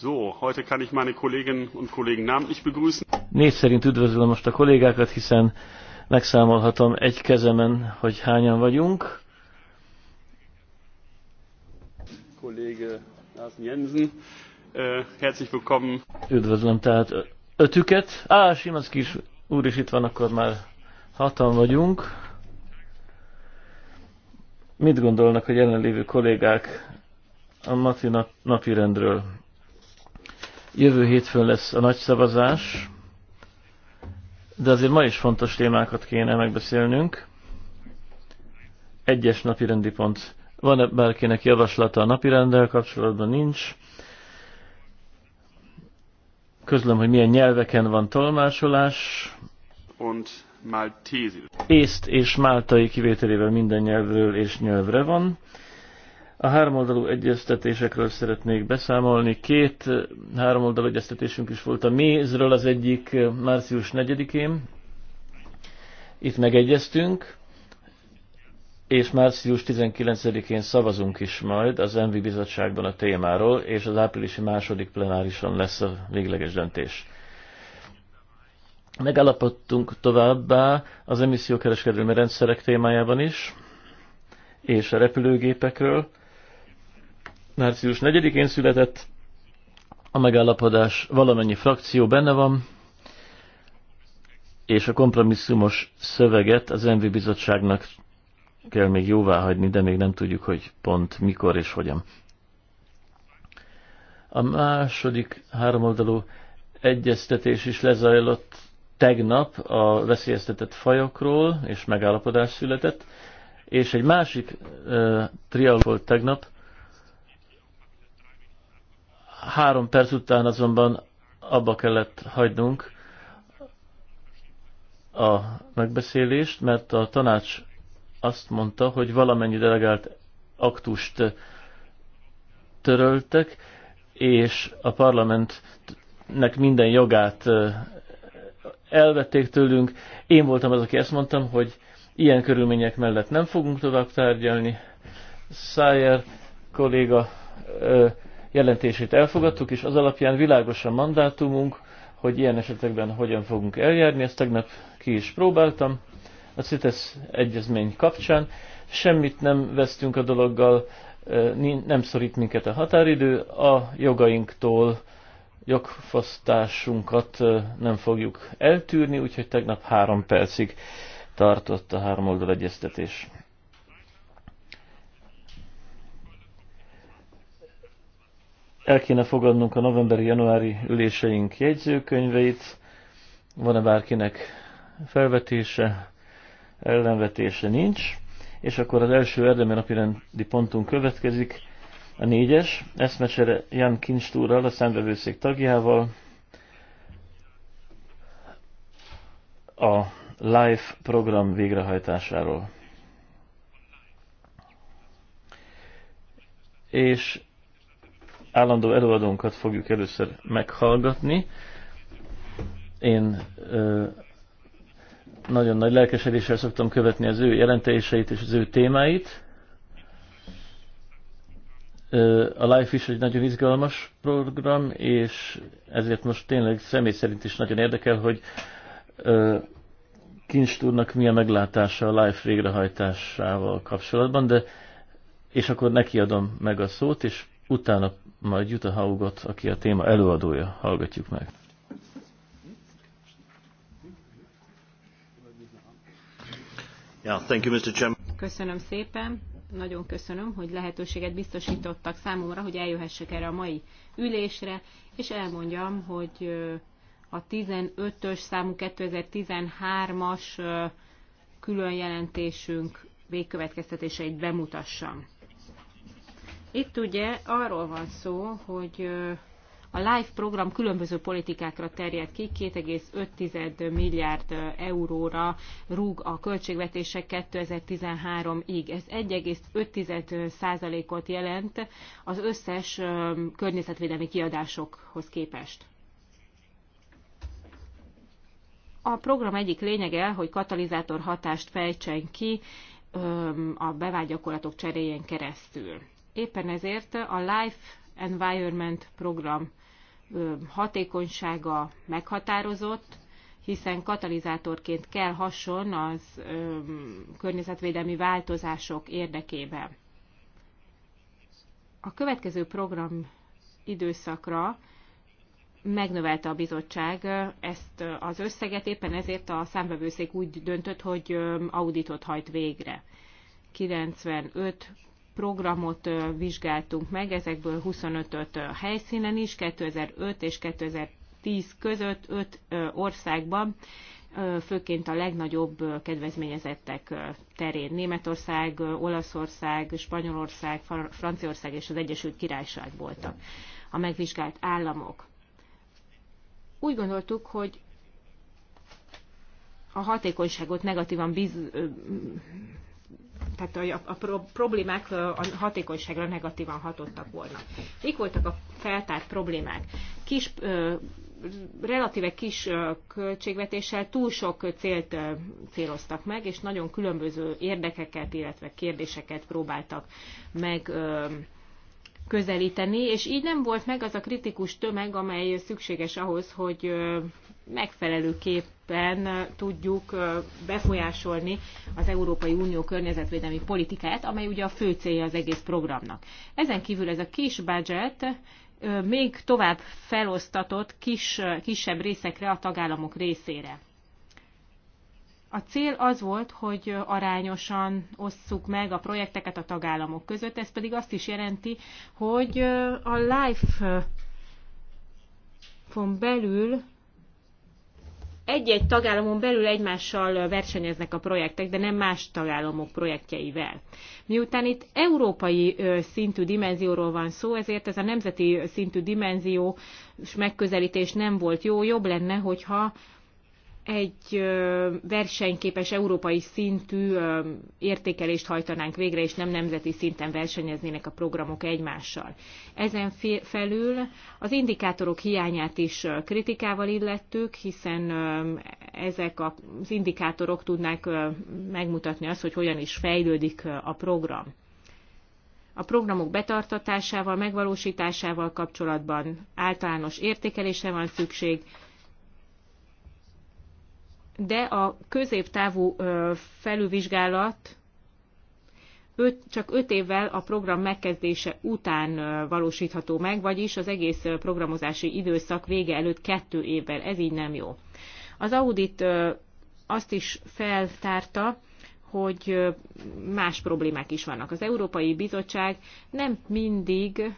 So, heute kann ich meine Kolleginnen und Kollegen namentlich begrüßen. Név szerint üdvözlöm most a kollégákat, hiszen megszámolhatom egy kezemen, hogy hányan vagyunk. Kollege Lars Jensen, uh, herzlich willkommen. Üdvözlöm tehát ötüket. Á, Simanszki is, úr is itt van, akkor már hatan vagyunk. Mit gondolnak a jelenlévő kollégák a Mati nap, napirendről? Jövő hétfőn lesz a nagy szavazás, de azért ma is fontos témákat kéne megbeszélnünk. Egyes napi rendi pont. Van-e bárkinek javaslata a napi rendel kapcsolatban? Nincs. Közlöm, hogy milyen nyelveken van tolmácsolás. Und Észt és máltai kivételével minden nyelvről és nyelvre van. A háromoldalú egyeztetésekről szeretnék beszámolni. Két eh, háromoldalú egyeztetésünk is volt a mézről, az egyik eh, március 4-én. Itt megegyeztünk, és március 19-én szavazunk is majd az MV bizottságban a témáról, és az áprilisi második plenárison lesz a végleges döntés. Megállapodtunk továbbá az emissziókereskedelmi rendszerek témájában is, és a repülőgépekről, március 4-én született. A megállapodás valamennyi frakció benne van, és a kompromisszumos szöveget az MV bizottságnak kell még jóvá hagyni, de még nem tudjuk, hogy pont mikor és hogyan. A második háromoldalú egyeztetés is lezajlott tegnap a veszélyeztetett fajokról, és megállapodás született, és egy másik uh, trial volt tegnap, Három perc után azonban abba kellett hagynunk a megbeszélést, mert a tanács azt mondta, hogy valamennyi delegált aktust töröltek, és a parlamentnek minden jogát elvették tőlünk. Én voltam az, aki ezt mondtam, hogy ilyen körülmények mellett nem fogunk tovább tárgyalni. Szájer kolléga jelentését elfogadtuk, és az alapján világos a mandátumunk, hogy ilyen esetekben hogyan fogunk eljárni. Ezt tegnap ki is próbáltam a CITES egyezmény kapcsán. Semmit nem vesztünk a dologgal, nem szorít minket a határidő, a jogainktól jogfosztásunkat nem fogjuk eltűrni, úgyhogy tegnap három percig tartott a három oldal egyeztetés. El kéne fogadnunk a novemberi-januári üléseink jegyzőkönyveit. Van-e bárkinek felvetése, ellenvetése nincs? És akkor az első érdemi napirendi pontunk következik, a négyes, eszmecsere Jan Kincstúrral, a szembevőszék tagjával, a LIFE program végrehajtásáról. És állandó előadónkat fogjuk először meghallgatni. Én ö, nagyon nagy lelkesedéssel szoktam követni az ő jelentéseit és az ő témáit. Ö, a Life is egy nagyon izgalmas program, és ezért most tényleg személy szerint is nagyon érdekel, hogy ö, Kinst úrnak mi a meglátása a Life végrehajtásával kapcsolatban, de és akkor neki adom meg a szót, és Utána majd Jutta Haugot, aki a téma előadója, hallgatjuk meg. Yeah, thank you, Mr. Chairman. Köszönöm szépen, nagyon köszönöm, hogy lehetőséget biztosítottak számomra, hogy eljöhessek erre a mai ülésre, és elmondjam, hogy a 15-ös számú 2013-as különjelentésünk végkövetkeztetéseit bemutassam. Itt ugye arról van szó, hogy a LIFE program különböző politikákra terjed ki, 2,5 milliárd euróra rúg a költségvetések 2013-ig. Ez 1,5 százalékot jelent az összes környezetvédelmi kiadásokhoz képest. A program egyik lényege, hogy katalizátor hatást fejtsen ki a bevágyakorlatok cseréjén keresztül. Éppen ezért a Life Environment program hatékonysága meghatározott, hiszen katalizátorként kell hason az környezetvédelmi változások érdekében. A következő program időszakra megnövelte a bizottság ezt az összeget, éppen ezért a számvevőszék úgy döntött, hogy auditot hajt végre. 95 programot vizsgáltunk meg, ezekből 25-öt helyszínen is, 2005 és 2010 között 5 országban, főként a legnagyobb kedvezményezettek terén. Németország, Olaszország, Spanyolország, Franciaország és az Egyesült Királyság voltak a megvizsgált államok. Úgy gondoltuk, hogy a hatékonyságot negatívan biz, tehát a, a problémák a hatékonyságra negatívan hatottak volna. Mik voltak a feltárt problémák? Kis, relatíve kis költségvetéssel túl sok célt céloztak meg, és nagyon különböző érdekeket, illetve kérdéseket próbáltak meg közelíteni, és így nem volt meg az a kritikus tömeg, amely szükséges ahhoz, hogy megfelelőképpen tudjuk befolyásolni az Európai Unió környezetvédelmi politikáját, amely ugye a fő célja az egész programnak. Ezen kívül ez a kis budget még tovább felosztatott kis, kisebb részekre a tagállamok részére. A cél az volt, hogy arányosan osszuk meg a projekteket a tagállamok között, ez pedig azt is jelenti, hogy a LIFE-on belül egy-egy tagállamon belül egymással versenyeznek a projektek, de nem más tagállamok projektjeivel. Miután itt európai szintű dimenzióról van szó, ezért ez a nemzeti szintű dimenziós megközelítés nem volt jó, jobb lenne, hogyha egy versenyképes európai szintű értékelést hajtanánk végre, és nem nemzeti szinten versenyeznének a programok egymással. Ezen felül az indikátorok hiányát is kritikával illettük, hiszen ezek az indikátorok tudnák megmutatni azt, hogy hogyan is fejlődik a program. A programok betartatásával, megvalósításával kapcsolatban általános értékelése van szükség, de a középtávú felülvizsgálat öt, csak öt évvel a program megkezdése után valósítható meg, vagyis az egész programozási időszak vége előtt kettő évvel. Ez így nem jó. Az audit azt is feltárta, hogy más problémák is vannak. Az Európai Bizottság nem mindig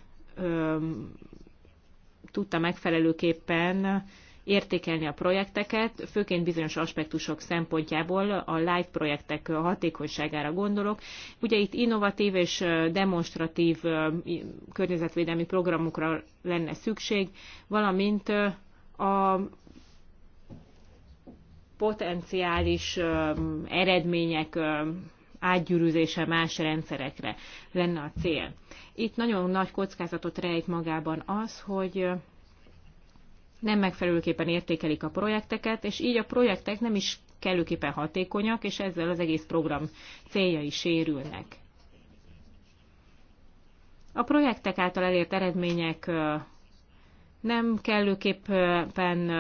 tudta megfelelőképpen értékelni a projekteket, főként bizonyos aspektusok szempontjából a live projektek hatékonyságára gondolok. Ugye itt innovatív és demonstratív környezetvédelmi programokra lenne szükség, valamint a potenciális eredmények átgyűrűzése más rendszerekre lenne a cél. Itt nagyon nagy kockázatot rejt magában az, hogy nem megfelelőképpen értékelik a projekteket, és így a projektek nem is kellőképpen hatékonyak, és ezzel az egész program céljai sérülnek. A projektek által elért eredmények nem kellőképpen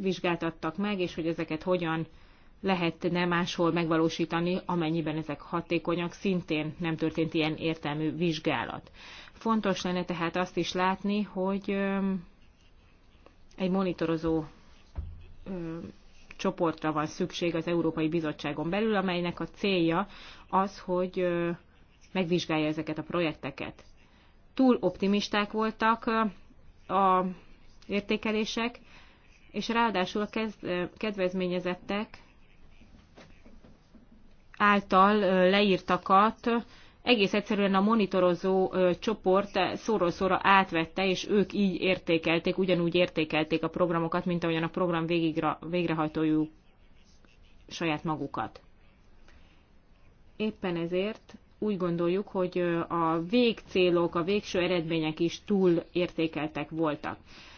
vizsgáltattak meg, és hogy ezeket hogyan lehetne máshol megvalósítani, amennyiben ezek hatékonyak, szintén nem történt ilyen értelmű vizsgálat. Fontos lenne tehát azt is látni, hogy egy monitorozó ö, csoportra van szükség az Európai Bizottságon belül, amelynek a célja az, hogy ö, megvizsgálja ezeket a projekteket. Túl optimisták voltak ö, a értékelések, és ráadásul a kez, kedvezményezettek által leírtakat egész egyszerűen a monitorozó csoport szóról-szóra átvette, és ők így értékelték, ugyanúgy értékelték a programokat, mint ahogyan a program végigra, végrehajtójú saját magukat. Éppen ezért úgy gondoljuk, hogy a végcélok, a végső eredmények is túl értékeltek voltak.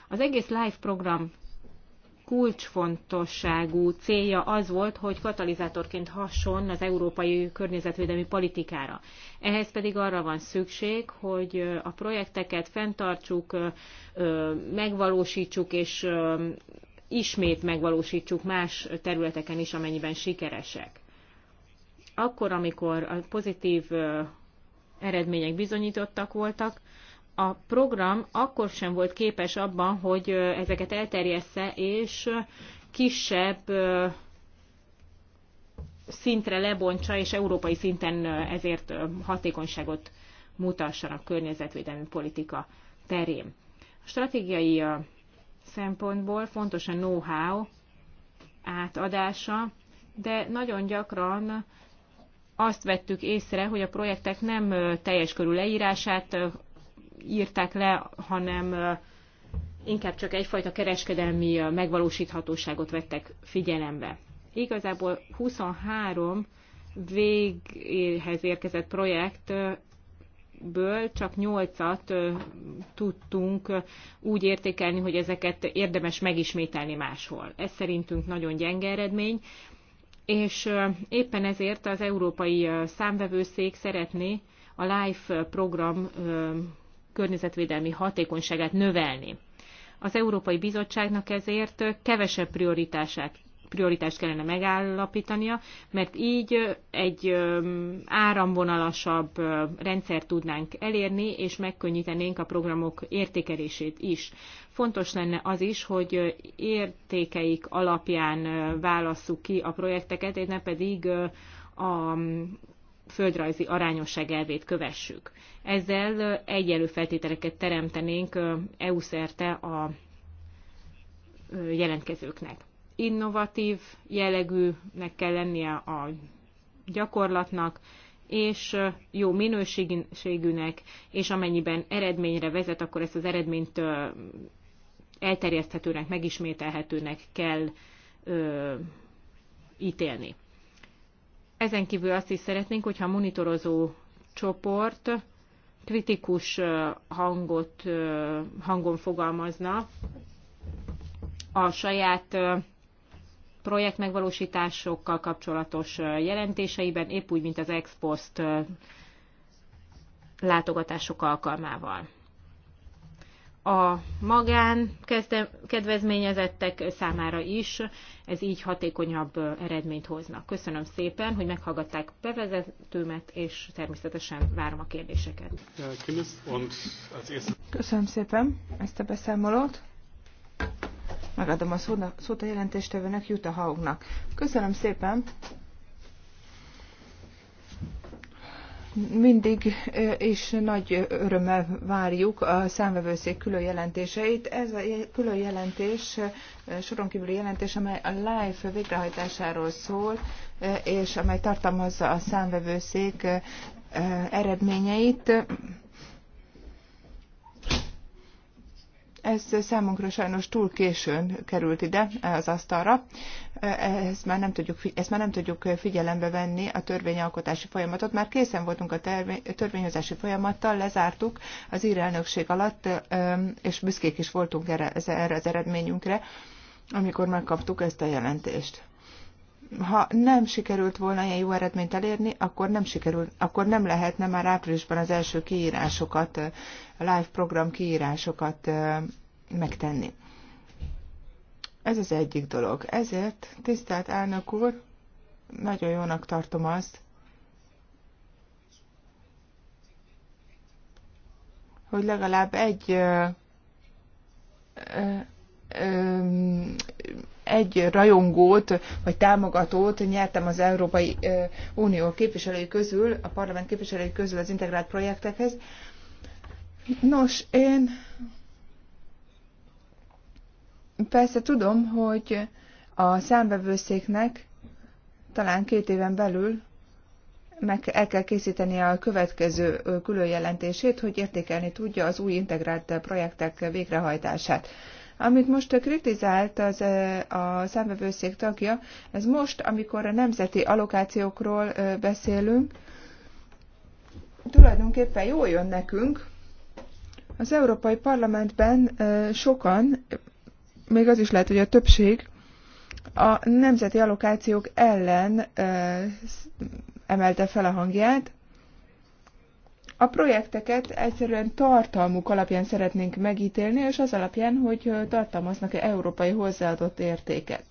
Az egész live program kulcsfontosságú célja az volt, hogy katalizátorként hasson az európai környezetvédelmi politikára. Ehhez pedig arra van szükség, hogy a projekteket fenntartsuk, megvalósítsuk és ismét megvalósítsuk más területeken is, amennyiben sikeresek. Akkor, amikor a pozitív eredmények bizonyítottak voltak, a program akkor sem volt képes abban, hogy ezeket elterjessze, és kisebb szintre lebontsa, és európai szinten ezért hatékonyságot a környezetvédelmi politika terén. A stratégiai szempontból fontos a know-how átadása, de nagyon gyakran azt vettük észre, hogy a projektek nem teljes körül leírását írták le, hanem inkább csak egyfajta kereskedelmi megvalósíthatóságot vettek figyelembe. Igazából 23 végéhez érkezett projektből csak nyolcat tudtunk úgy értékelni, hogy ezeket érdemes megismételni máshol. Ez szerintünk nagyon gyenge eredmény, és éppen ezért az Európai Számvevőszék szeretné a LIFE program környezetvédelmi hatékonyságát növelni. Az Európai Bizottságnak ezért kevesebb prioritását prioritást kellene megállapítania, mert így egy áramvonalasabb rendszer tudnánk elérni, és megkönnyítenénk a programok értékelését is. Fontos lenne az is, hogy értékeik alapján válasszuk ki a projekteket, és ne pedig a földrajzi arányosság elvét kövessük. Ezzel egyelő feltételeket teremtenénk EU szerte a jelentkezőknek. Innovatív jellegűnek kell lennie a gyakorlatnak, és jó minőségűnek, és amennyiben eredményre vezet, akkor ezt az eredményt elterjeszthetőnek, megismételhetőnek kell ítélni. Ezen kívül azt is szeretnénk, hogyha a monitorozó csoport kritikus hangot, hangon fogalmazna a saját projekt megvalósításokkal kapcsolatos jelentéseiben, épp úgy, mint az ex post látogatások alkalmával a magán kedvezményezettek számára is ez így hatékonyabb eredményt hozna. Köszönöm szépen, hogy meghallgatták bevezetőmet, és természetesen várom a kérdéseket. Köszönöm szépen ezt a beszámolót. Megadom a szót a jelentéstevőnek, Jutta Haugnak. Köszönöm szépen. mindig is nagy örömmel várjuk a számvevőszék külön jelentéseit. Ez a külön jelentés, soron kívüli jelentés, amely a LIFE végrehajtásáról szól, és amely tartalmazza a számvevőszék eredményeit. Ez számunkra sajnos túl későn került ide az asztalra. Ezt már nem tudjuk, ezt már nem tudjuk figyelembe venni a törvényalkotási folyamatot. Már készen voltunk a törvényhozási folyamattal, lezártuk az írelnökség alatt, és büszkék is voltunk erre, erre az eredményünkre, amikor megkaptuk ezt a jelentést ha nem sikerült volna ilyen jó eredményt elérni, akkor nem, sikerült, akkor nem lehetne már áprilisban az első kiírásokat live program kiírásokat megtenni. Ez az egyik dolog. Ezért, tisztelt elnök úr, nagyon jónak tartom azt, hogy legalább egy ö, ö, ö, egy rajongót vagy támogatót nyertem az Európai Unió képviselői közül, a parlament képviselői közül az integrált projektekhez, Nos, én persze tudom, hogy a számbevőszéknek talán két éven belül meg el kell készíteni a következő különjelentését, hogy értékelni tudja az új integrált projektek végrehajtását. Amit most kritizált az, a számbevőszék tagja, ez most, amikor a nemzeti allokációkról beszélünk, tulajdonképpen jól jön nekünk, az Európai Parlamentben sokan, még az is lehet, hogy a többség, a nemzeti allokációk ellen emelte fel a hangját. A projekteket egyszerűen tartalmuk alapján szeretnénk megítélni, és az alapján, hogy tartalmaznak-e európai hozzáadott értéket.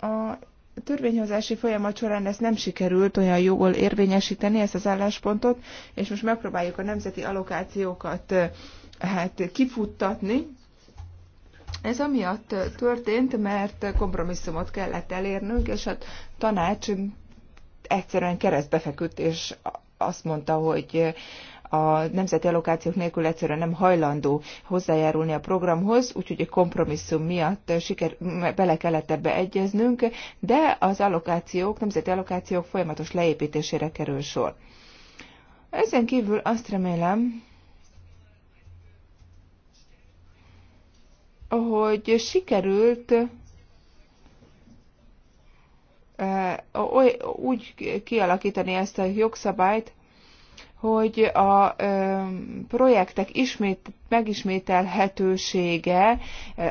A a törvényhozási folyamat során ezt nem sikerült olyan jól érvényesíteni, ezt az álláspontot, és most megpróbáljuk a nemzeti allokációkat hát kifuttatni. Ez amiatt történt, mert kompromisszumot kellett elérnünk, és a hát tanács egyszerűen keresztbe feküdt, és azt mondta, hogy a nemzeti allokációk nélkül egyszerűen nem hajlandó hozzájárulni a programhoz, úgyhogy egy kompromisszum miatt siker, bele kellett ebbe egyeznünk, de az allokációk, nemzeti allokációk folyamatos leépítésére kerül sor. Ezen kívül azt remélem, hogy sikerült úgy kialakítani ezt a jogszabályt, hogy a projektek ismét, megismételhetősége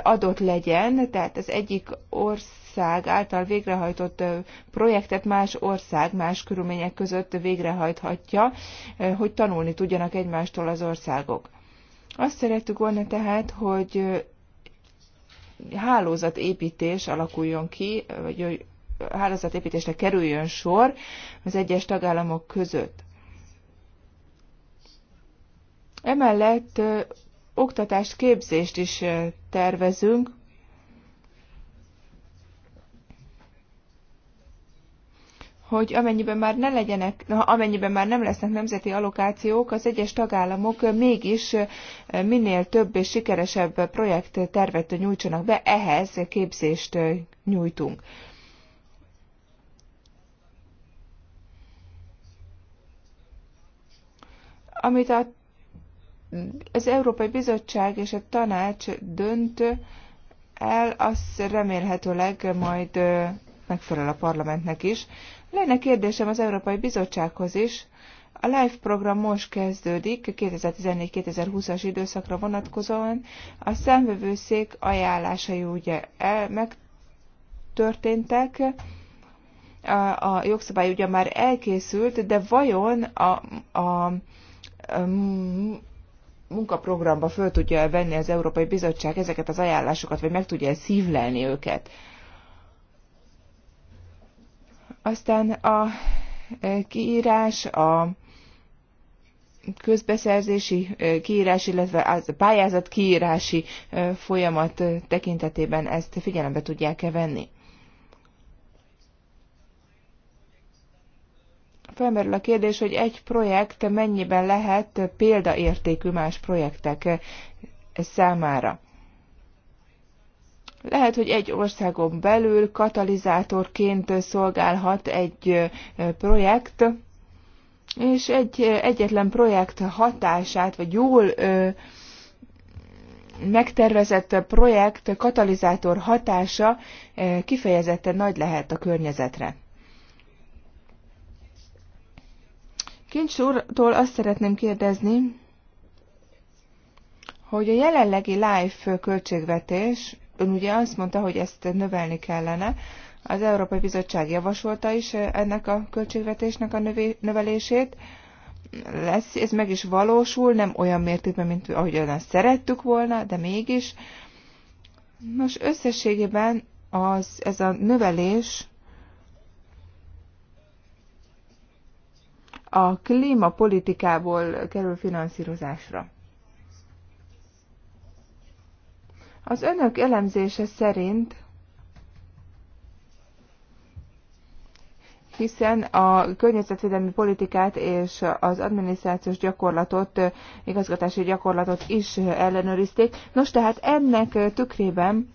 adott legyen, tehát az egyik ország által végrehajtott projektet más ország más körülmények között végrehajthatja, hogy tanulni tudjanak egymástól az országok. Azt szerettük volna tehát, hogy hálózatépítés alakuljon ki, vagy hogy hálózatépítésre kerüljön sor az egyes tagállamok között Emellett oktatást, képzést is tervezünk. hogy amennyiben már, ne legyenek, amennyiben már nem lesznek nemzeti allokációk, az egyes tagállamok mégis minél több és sikeresebb projekt tervet nyújtsanak be, ehhez képzést nyújtunk. Amit a az Európai Bizottság és a tanács dönt el, az remélhetőleg majd megfelel a parlamentnek is. Lenne kérdésem az Európai Bizottsághoz is. A LIFE program most kezdődik, 2014-2020-as időszakra vonatkozóan. A szemvevőszék ajánlásai ugye el, megtörténtek, a, a jogszabály ugye már elkészült, de vajon a, a munkaprogramba föl tudja venni az Európai Bizottság ezeket az ajánlásokat, vagy meg tudja szívlelni őket. Aztán a e, kiírás, a közbeszerzési e, kiírás, illetve a pályázat kiírási e, folyamat tekintetében ezt figyelembe tudják-e venni. felmerül a kérdés, hogy egy projekt mennyiben lehet példaértékű más projektek számára. Lehet, hogy egy országon belül katalizátorként szolgálhat egy projekt, és egy egyetlen projekt hatását, vagy jól ö, megtervezett projekt katalizátor hatása kifejezetten nagy lehet a környezetre. Kincs úrtól azt szeretném kérdezni, hogy a jelenlegi live költségvetés, ön ugye azt mondta, hogy ezt növelni kellene, az Európai Bizottság javasolta is ennek a költségvetésnek a növelését. Lesz, ez meg is valósul, nem olyan mértékben, mint ahogy azt szerettük volna, de mégis. Nos, összességében az, ez a növelés a klímapolitikából kerül finanszírozásra. Az önök elemzése szerint, hiszen a környezetvédelmi politikát és az adminisztrációs gyakorlatot, igazgatási gyakorlatot is ellenőrizték. Nos, tehát ennek tükrében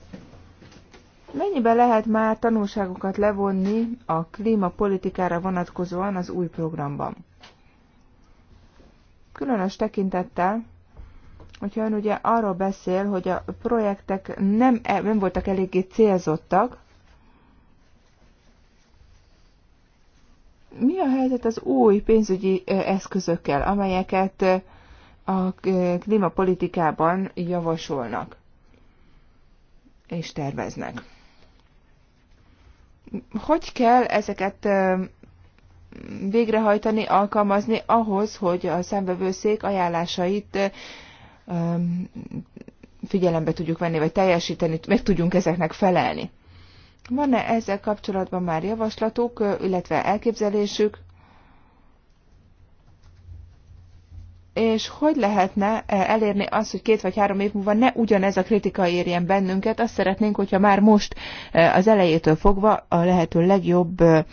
Mennyiben lehet már tanulságokat levonni a klímapolitikára vonatkozóan az új programban? Különös tekintettel, hogyha ön ugye arról beszél, hogy a projektek nem, e, nem voltak eléggé célzottak, mi a helyzet az új pénzügyi eszközökkel, amelyeket a klímapolitikában javasolnak és terveznek? hogy kell ezeket végrehajtani, alkalmazni ahhoz, hogy a szembevőszék ajánlásait figyelembe tudjuk venni, vagy teljesíteni, meg tudjunk ezeknek felelni. Van-e ezzel kapcsolatban már javaslatuk, illetve elképzelésük? és hogy lehetne eh, elérni azt, hogy két vagy három év múlva ne ugyanez a kritika érjen bennünket. Azt szeretnénk, hogyha már most eh, az elejétől fogva a lehető legjobb eh,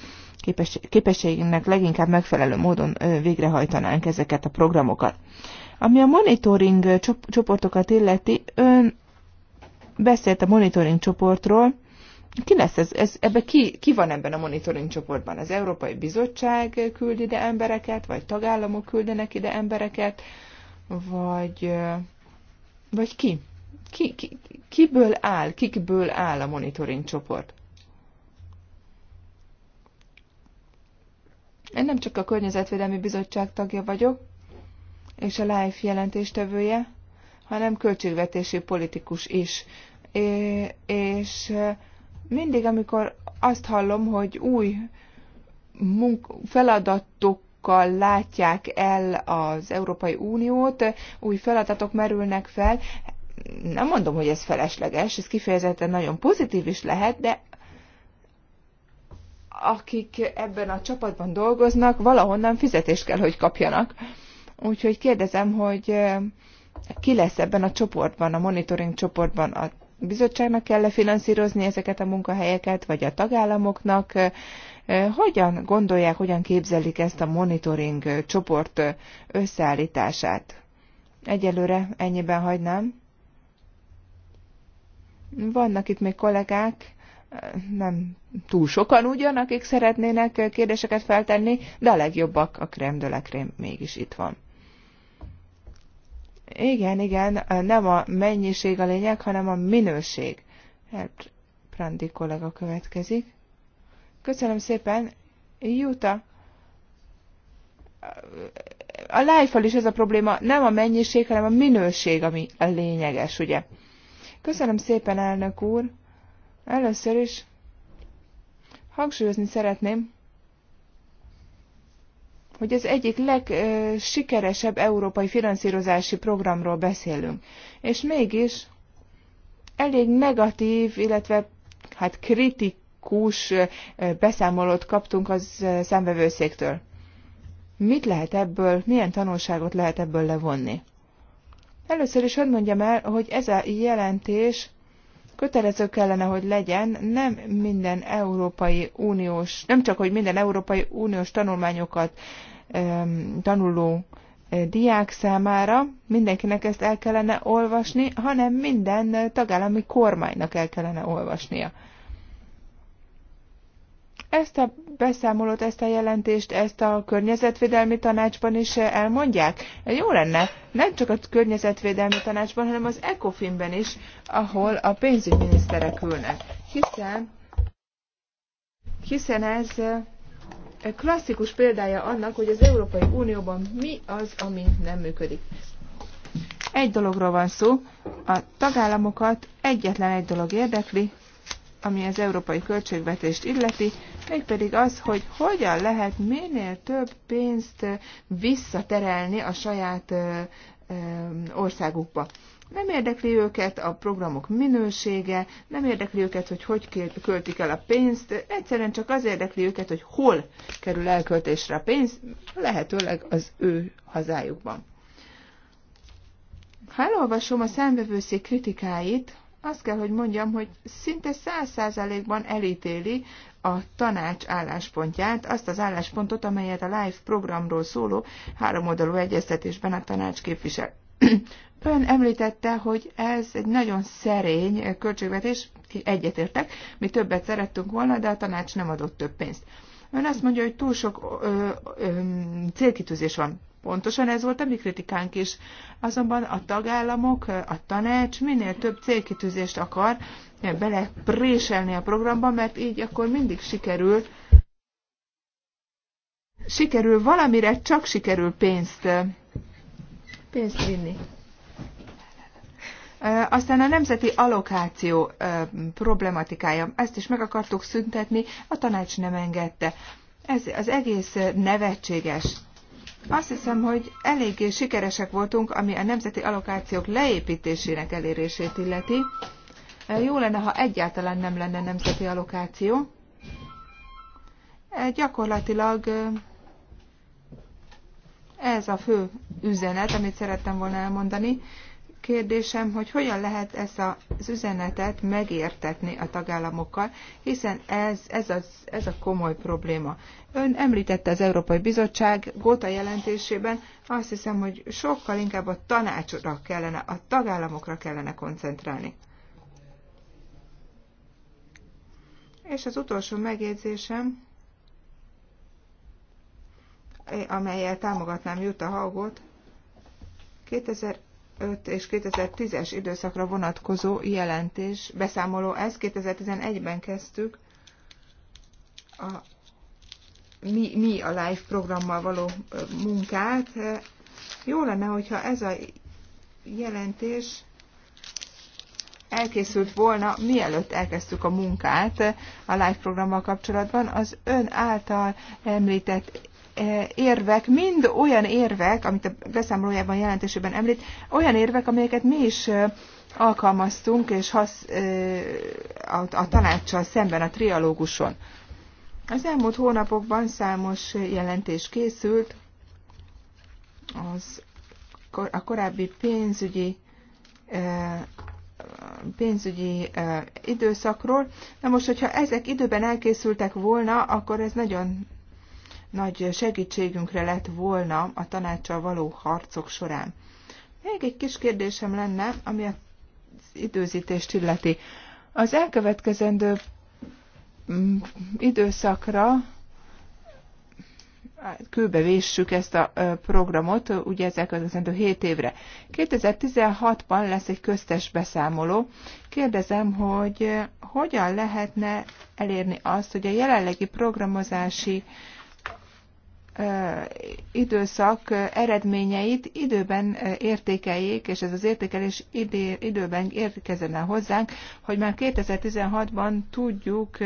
képességünknek leginkább megfelelő módon végrehajtanánk ezeket a programokat. Ami a monitoring csoportokat illeti, ön beszélt a monitoring csoportról, ki lesz ez? ez ebbe ki, ki van ebben a monitoring csoportban? Az Európai Bizottság küld ide embereket, vagy tagállamok küldenek ide embereket, vagy, vagy ki? Ki, ki? Kiből áll, kikből áll a monitoring csoport? Én nem csak a Környezetvédelmi Bizottság tagja vagyok, és a LIFE jelentéstevője, hanem költségvetési politikus is. É, és mindig, amikor azt hallom, hogy új feladatok, látják el az Európai Uniót, új feladatok merülnek fel. Nem mondom, hogy ez felesleges, ez kifejezetten nagyon pozitív is lehet, de akik ebben a csapatban dolgoznak, valahonnan fizetést kell, hogy kapjanak. Úgyhogy kérdezem, hogy eh, ki lesz ebben a csoportban, a monitoring csoportban a bizottságnak kell finanszírozni ezeket a munkahelyeket, vagy a tagállamoknak? Hogyan gondolják, hogyan képzelik ezt a monitoring csoport összeállítását? Egyelőre ennyiben hagynám. Vannak itt még kollégák, nem túl sokan ugyan, akik szeretnének kérdéseket feltenni, de a legjobbak, a krem mégis itt van. Igen, igen, nem a mennyiség a lényeg, hanem a minőség. Prandi kollega következik. Köszönöm szépen. Juta. A life is ez a probléma, nem a mennyiség, hanem a minőség, ami a lényeges, ugye? Köszönöm szépen, elnök úr. Először is hangsúlyozni szeretném, hogy az egyik legsikeresebb európai finanszírozási programról beszélünk. És mégis elég negatív, illetve hát kritikus beszámolót kaptunk az számvevőszéktől. Mit lehet ebből, milyen tanulságot lehet ebből levonni? Először is hadd mondjam el, hogy ez a jelentés kötelező kellene, hogy legyen nem minden Európai Uniós, nem csak, hogy minden Európai Uniós tanulmányokat tanuló eh, diák számára mindenkinek ezt el kellene olvasni, hanem minden tagállami kormánynak el kellene olvasnia. Ezt a beszámolót, ezt a jelentést, ezt a környezetvédelmi tanácsban is elmondják. Jó lenne, nem csak a környezetvédelmi tanácsban, hanem az ECOFIN-ben is, ahol a pénzügyminiszterek ülnek. Hiszen, hiszen ez klasszikus példája annak, hogy az Európai Unióban mi az, ami nem működik. Egy dologról van szó, a tagállamokat egyetlen egy dolog érdekli, ami az európai költségvetést illeti, mégpedig az, hogy hogyan lehet minél több pénzt visszaterelni a saját országukba. Nem érdekli őket a programok minősége, nem érdekli őket, hogy hogy költik el a pénzt, egyszerűen csak az érdekli őket, hogy hol kerül elköltésre a pénz, lehetőleg az ő hazájukban. Ha elolvasom a számvevőszék kritikáit, azt kell, hogy mondjam, hogy szinte száz százalékban elítéli a tanács álláspontját, azt az álláspontot, amelyet a Live programról szóló háromoldalú egyeztetésben a tanács képvisel. Ön említette, hogy ez egy nagyon szerény költségvetés, egyetértek, mi többet szerettünk volna, de a tanács nem adott több pénzt. Ön azt mondja, hogy túl sok ö, ö, célkitűzés van. Pontosan ez volt a mi kritikánk is. Azonban a tagállamok, a tanács minél több célkitűzést akar eh, belepréselni a programba, mert így akkor mindig sikerül sikerül valamire, csak sikerül pénzt, eh, pénzt vinni. Eh, aztán a nemzeti alokáció problematikája, ezt is meg akartuk szüntetni, a tanács nem engedte. Ez az egész nevetséges. Azt hiszem, hogy eléggé sikeresek voltunk, ami a nemzeti allokációk leépítésének elérését illeti. E, jó lenne, ha egyáltalán nem lenne nemzeti allokáció. E, gyakorlatilag e, ez a fő üzenet, amit szerettem volna elmondani kérdésem, hogy hogyan lehet ezt az üzenetet megértetni a tagállamokkal, hiszen ez, ez, az, ez a komoly probléma. Ön említette az Európai Bizottság Góta jelentésében, azt hiszem, hogy sokkal inkább a tanácsra kellene, a tagállamokra kellene koncentrálni. És az utolsó megjegyzésem, amelyel támogatnám Jutta Haugot, 2000 2005 és 2010-es időszakra vonatkozó jelentés, beszámoló ez. 2011-ben kezdtük a, mi, mi a live programmal való munkát. Jó lenne, hogyha ez a jelentés elkészült volna, mielőtt elkezdtük a munkát a live programmal kapcsolatban, az ön által említett érvek mind olyan érvek, amit a beszámolójában jelentésében említ, olyan érvek, amelyeket mi is alkalmaztunk és hasz, a, a tanácssal szemben a trialóguson. Az elmúlt hónapokban számos jelentés készült az, a korábbi pénzügyi pénzügyi időszakról. Na most, hogyha ezek időben elkészültek volna, akkor ez nagyon nagy segítségünkre lett volna a tanácsal való harcok során. Még egy kis kérdésem lenne, ami az időzítést illeti. Az elkövetkezendő mm, időszakra hát, kőbe véssük ezt a programot, ugye ezek az 7 évre. 2016-ban lesz egy köztes beszámoló. Kérdezem, hogy hogyan lehetne elérni azt, hogy a jelenlegi programozási időszak eredményeit időben értékeljék, és ez az értékelés idő, időben érkezzen hozzánk, hogy már 2016-ban tudjuk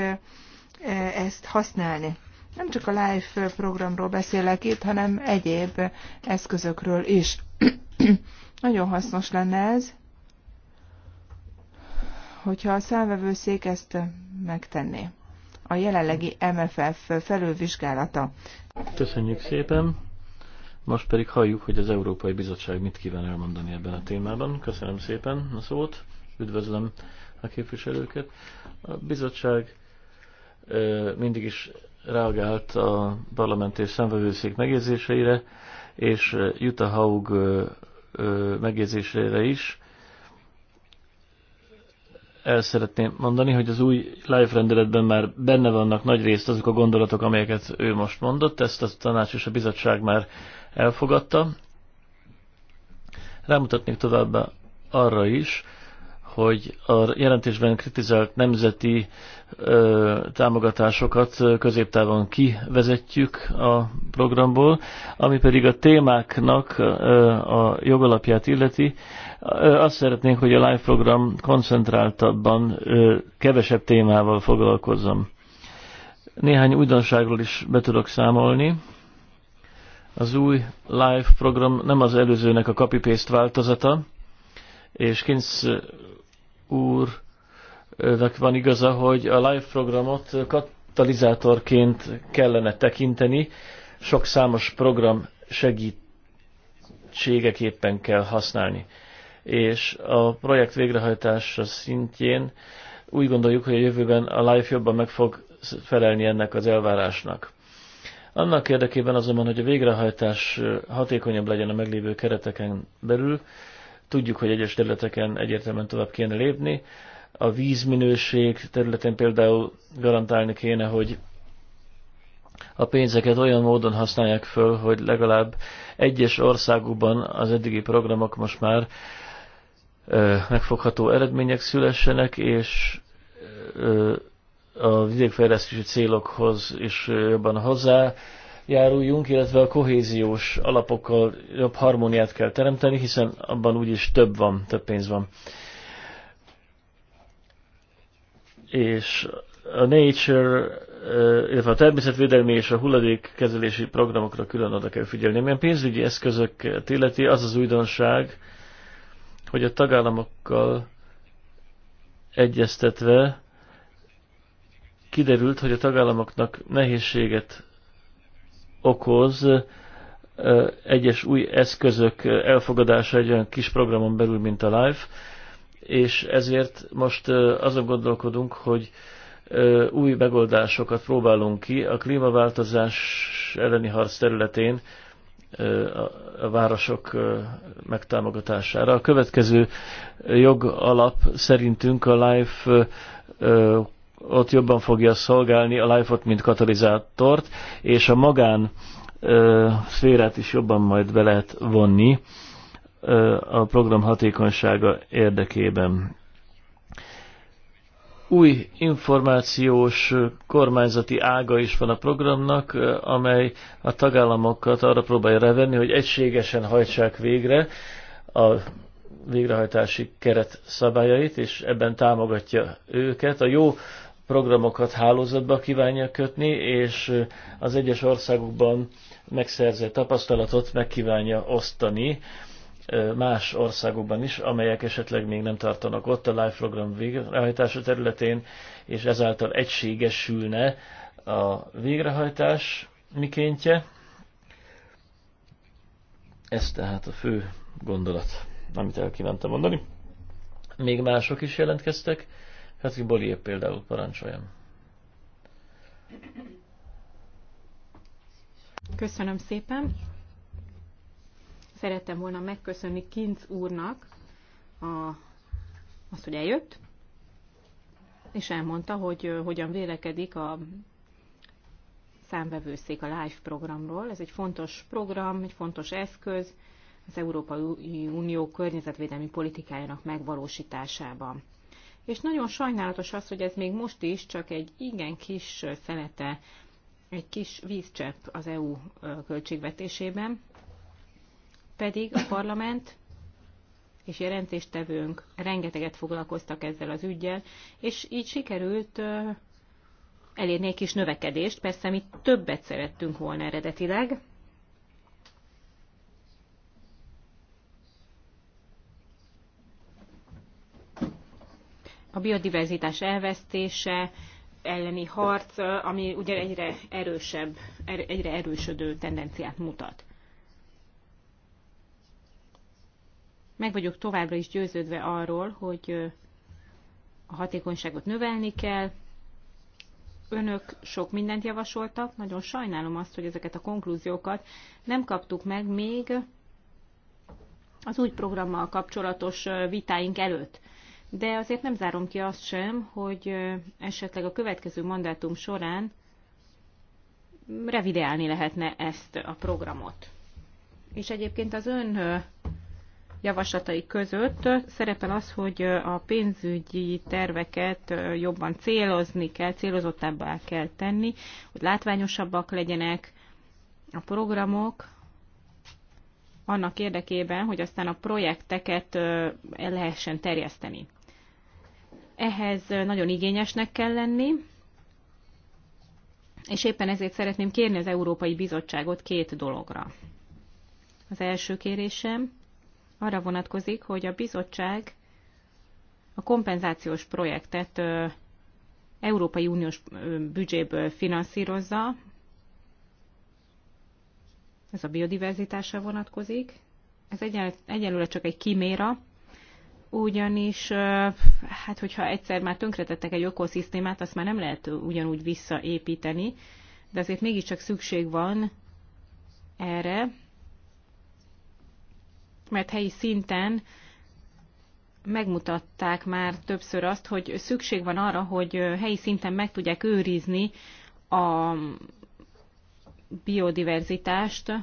ezt használni. Nem csak a LIFE programról beszélek itt, hanem egyéb eszközökről is. Nagyon hasznos lenne ez, hogyha a számvevőszék ezt megtenné a jelenlegi MFF felülvizsgálata. Köszönjük szépen! Most pedig halljuk, hogy az Európai Bizottság mit kíván elmondani ebben a témában. Köszönöm szépen a szót, üdvözlöm a képviselőket. A bizottság mindig is reagált a parlament és szemvevőszék megjegyzéseire, és Jutta Haug megjegyzésére is, el szeretném mondani, hogy az új live rendeletben már benne vannak nagy részt azok a gondolatok, amelyeket ő most mondott, ezt a tanács és a bizottság már elfogadta. Rámutatnék továbbá arra is, hogy a jelentésben kritizált nemzeti ö, támogatásokat középtávon kivezetjük a programból, ami pedig a témáknak ö, a jogalapját illeti. Ö, azt szeretnénk, hogy a live program koncentráltabban, kevesebb témával foglalkozzam. Néhány újdonságról is be tudok számolni. Az új live program nem az előzőnek a copy-paste változata, és Kinsz úrnak van igaza, hogy a live programot katalizátorként kellene tekinteni, sok számos program segítségeképpen kell használni és a projekt végrehajtása szintjén úgy gondoljuk, hogy a jövőben a Life jobban meg fog felelni ennek az elvárásnak. Annak érdekében azonban, hogy a végrehajtás hatékonyabb legyen a meglévő kereteken belül, tudjuk, hogy egyes területeken egyértelműen tovább kéne lépni. A vízminőség területén például garantálni kéne, hogy a pénzeket olyan módon használják föl, hogy legalább egyes országokban az eddigi programok most már megfogható eredmények szülessenek, és a vidékfejlesztési célokhoz is jobban járuljunk, illetve a kohéziós alapokkal jobb harmóniát kell teremteni, hiszen abban úgyis több van, több pénz van. És a Nature, illetve a természetvédelmi és a hulladékkezelési programokra külön oda kell figyelni. Milyen pénzügyi eszközöket illeti, az az újdonság, hogy a tagállamokkal egyeztetve kiderült, hogy a tagállamoknak nehézséget okoz egyes új eszközök elfogadása egy olyan kis programon belül, mint a Life, és ezért most azon gondolkodunk, hogy új megoldásokat próbálunk ki a klímaváltozás elleni harc területén, a városok megtámogatására. A következő jogalap szerintünk a LIFE ott jobban fogja szolgálni a LIFE-ot, mint katalizátort, és a magán szférát is jobban majd be lehet vonni a program hatékonysága érdekében új információs kormányzati ága is van a programnak, amely a tagállamokat arra próbálja revenni, hogy egységesen hajtsák végre a végrehajtási keret szabályait, és ebben támogatja őket. A jó programokat hálózatba kívánja kötni, és az egyes országokban megszerzett tapasztalatot meg kívánja osztani más országokban is, amelyek esetleg még nem tartanak ott a LIFE program végrehajtása területén, és ezáltal egységesülne a végrehajtás mikéntje. Ez tehát a fő gondolat, amit el kívántam mondani. Még mások is jelentkeztek. Hát, hogy Bolié például parancsoljam. Köszönöm szépen szerettem volna megköszönni Kinc úrnak a, azt, hogy eljött, és elmondta, hogy hogyan vélekedik a számvevőszék a LIFE programról. Ez egy fontos program, egy fontos eszköz az Európai Unió környezetvédelmi politikájának megvalósításában. És nagyon sajnálatos az, hogy ez még most is csak egy igen kis szelete, egy kis vízcsepp az EU költségvetésében, pedig a parlament és jelentéstevőnk rengeteget foglalkoztak ezzel az ügyel, és így sikerült elérni egy kis növekedést. Persze mi többet szerettünk volna eredetileg, a biodiverzitás elvesztése elleni harc, ami ugye egyre erősebb, er, egyre erősödő tendenciát mutat. Meg vagyok továbbra is győződve arról, hogy a hatékonyságot növelni kell. Önök sok mindent javasoltak, nagyon sajnálom azt, hogy ezeket a konklúziókat nem kaptuk meg még az új programmal kapcsolatos vitáink előtt. De azért nem zárom ki azt sem, hogy esetleg a következő mandátum során revideálni lehetne ezt a programot. És egyébként az ön javaslatai között szerepel az, hogy a pénzügyi terveket jobban célozni kell, célozottabbá kell tenni, hogy látványosabbak legyenek a programok, annak érdekében, hogy aztán a projekteket el lehessen terjeszteni. Ehhez nagyon igényesnek kell lenni, és éppen ezért szeretném kérni az Európai Bizottságot két dologra. Az első kérésem arra vonatkozik, hogy a bizottság a kompenzációs projektet Európai Uniós büdzséből finanszírozza, ez a biodiverzitásra vonatkozik. Ez egyen, egyelőre csak egy kiméra, ugyanis, hát hogyha egyszer már tönkretettek egy ökoszisztémát, azt már nem lehet ugyanúgy visszaépíteni, de azért mégiscsak szükség van erre, mert helyi szinten megmutatták már többször azt, hogy szükség van arra, hogy helyi szinten meg tudják őrizni a biodiverzitást.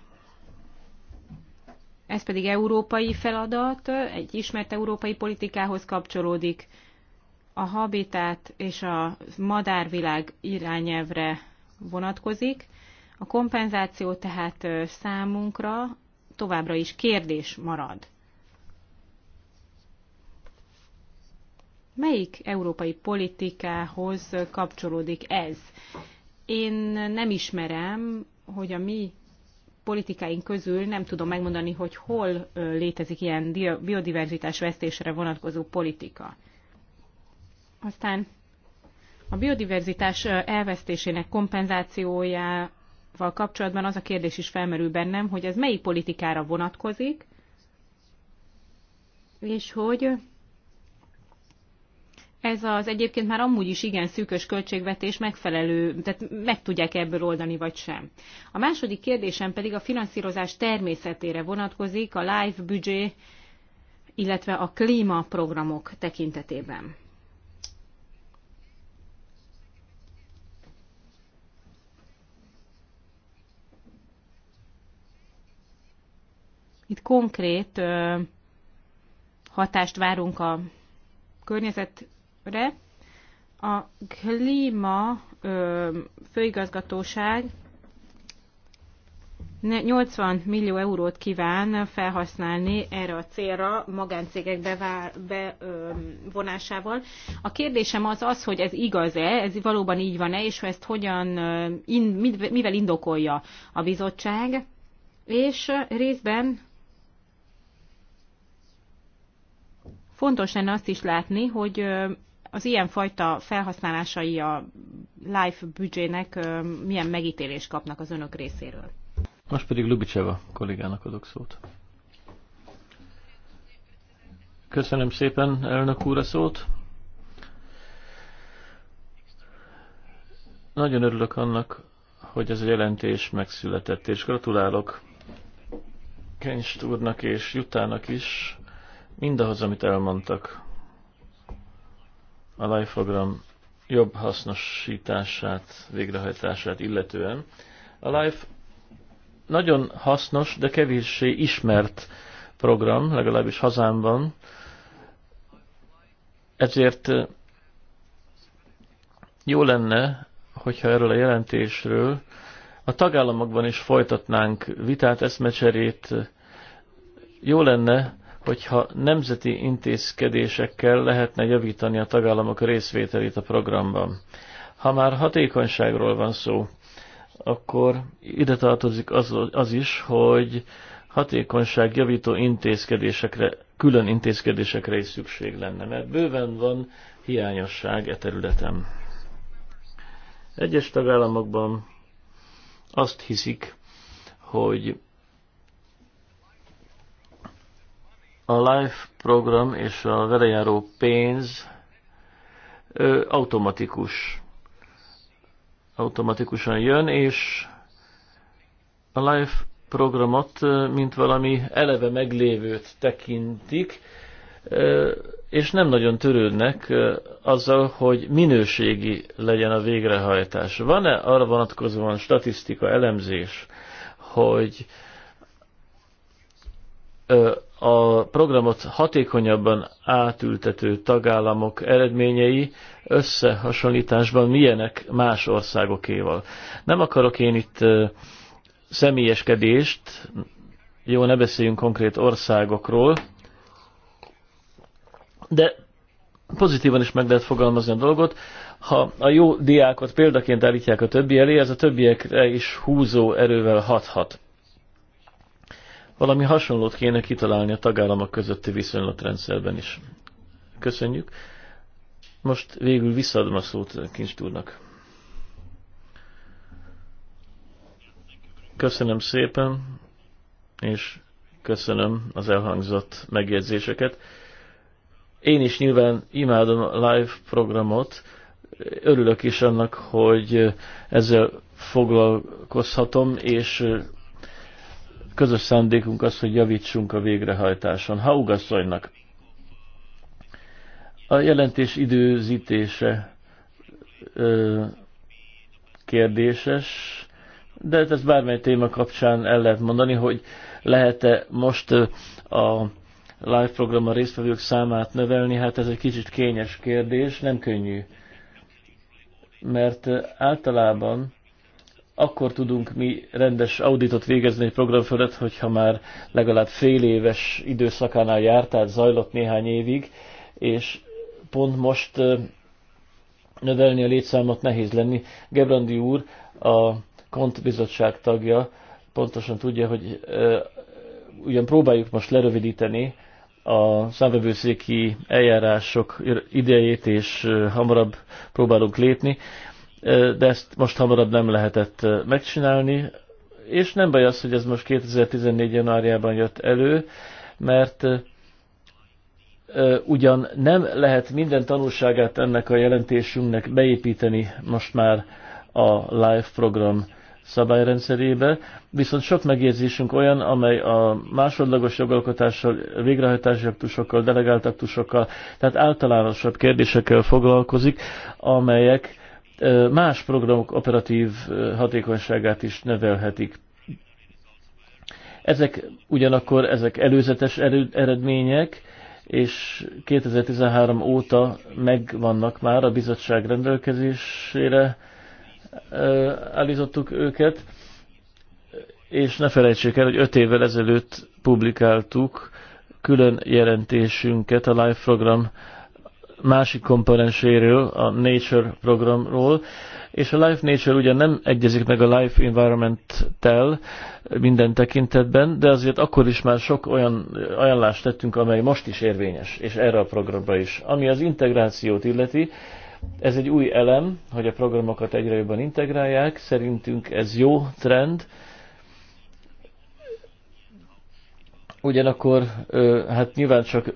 Ez pedig európai feladat, egy ismert európai politikához kapcsolódik. A habitát és a madárvilág irányelvre vonatkozik. A kompenzáció tehát számunkra továbbra is kérdés marad. Melyik európai politikához kapcsolódik ez? Én nem ismerem, hogy a mi politikáink közül nem tudom megmondani, hogy hol létezik ilyen biodiverzitás vesztésre vonatkozó politika. Aztán a biodiverzitás elvesztésének kompenzációja val kapcsolatban az a kérdés is felmerül bennem, hogy ez melyik politikára vonatkozik, és hogy ez az egyébként már amúgy is igen szűkös költségvetés megfelelő, tehát meg tudják ebből oldani, vagy sem. A második kérdésem pedig a finanszírozás természetére vonatkozik, a live budget, illetve a klímaprogramok tekintetében. Itt konkrét hatást várunk a környezetre. A klíma főigazgatóság 80 millió eurót kíván felhasználni erre a célra magáncégek bevonásával. A kérdésem az az, hogy ez igaz-e, ez valóban így van-e, és ezt hogyan, mivel indokolja a bizottság, és részben Fontos lenne azt is látni, hogy az ilyenfajta felhasználásai a life büdzsének milyen megítélést kapnak az önök részéről. Most pedig Lubicseva kollégának adok szót. Köszönöm szépen elnök úr a szót. Nagyon örülök annak, hogy ez a jelentés megszületett, és gratulálok Kenst úrnak és Jutának is mindahhoz, amit elmondtak. A live program jobb hasznosítását, végrehajtását illetően. A live nagyon hasznos, de kevéssé ismert program, legalábbis hazámban. Ezért eh, jó lenne, hogyha erről a jelentésről a tagállamokban is folytatnánk vitát, eszmecserét. Jó lenne, hogyha nemzeti intézkedésekkel lehetne javítani a tagállamok részvételét a programban. Ha már hatékonyságról van szó, akkor ide tartozik az, az is, hogy hatékonyság javító intézkedésekre, külön intézkedésekre is szükség lenne, mert bőven van hiányosság e területen. Egyes tagállamokban azt hiszik, hogy A LIFE program és a velejáró pénz ö, automatikus. Automatikusan jön, és a LIFE programot, mint valami eleve meglévőt tekintik, és nem nagyon törődnek azzal, hogy minőségi legyen a végrehajtás. Van-e arra vonatkozóan statisztika, elemzés, hogy a programot hatékonyabban átültető tagállamok eredményei összehasonlításban milyenek más országokéval. Nem akarok én itt személyeskedést, jó, ne beszéljünk konkrét országokról, de pozitívan is meg lehet fogalmazni a dolgot. Ha a jó diákot példaként állítják a többi elé, ez a többiekre is húzó erővel hathat. Valami hasonlót kéne kitalálni a tagállamok közötti viszonylatrendszerben is. Köszönjük. Most végül visszaadom a szót Kincstúrnak. Köszönöm szépen, és köszönöm az elhangzott megjegyzéseket. Én is nyilván imádom a live programot, örülök is annak, hogy ezzel foglalkozhatom, és Közös szándékunk az, hogy javítsunk a végrehajtáson. Ha Haugasszonynak a jelentés időzítése ö, kérdéses, de hát ez bármely téma kapcsán el lehet mondani, hogy lehet-e most a live a résztvevők számát növelni, hát ez egy kicsit kényes kérdés, nem könnyű. Mert általában akkor tudunk mi rendes auditot végezni egy program fölött, hogyha már legalább fél éves időszakánál járt, tehát zajlott néhány évig, és pont most növelni a létszámot nehéz lenni. Gebrandi úr, a Kont bizottság tagja, pontosan tudja, hogy ugyan próbáljuk most lerövidíteni a számvevőszéki eljárások idejét, és hamarabb próbálunk lépni, de ezt most hamarabb nem lehetett megcsinálni, és nem baj az, hogy ez most 2014. januárjában jött elő, mert ugyan nem lehet minden tanulságát ennek a jelentésünknek beépíteni most már a live program szabályrendszerébe, viszont sok megérzésünk olyan, amely a másodlagos jogalkotással, végrehajtási aktusokkal, delegált aktusokkal, tehát általánosabb kérdésekkel foglalkozik, amelyek más programok operatív hatékonyságát is növelhetik Ezek ugyanakkor ezek előzetes eredmények, és 2013 óta megvannak már a bizottság rendelkezésére állítottuk őket, és ne felejtsék el, hogy öt évvel ezelőtt publikáltuk külön jelentésünket a Life program másik komponenséről, a Nature programról, és a Life Nature ugyan nem egyezik meg a Life Environment-tel minden tekintetben, de azért akkor is már sok olyan ajánlást tettünk, amely most is érvényes, és erre a programra is. Ami az integrációt illeti, ez egy új elem, hogy a programokat egyre jobban integrálják, szerintünk ez jó trend, ugyanakkor hát nyilván csak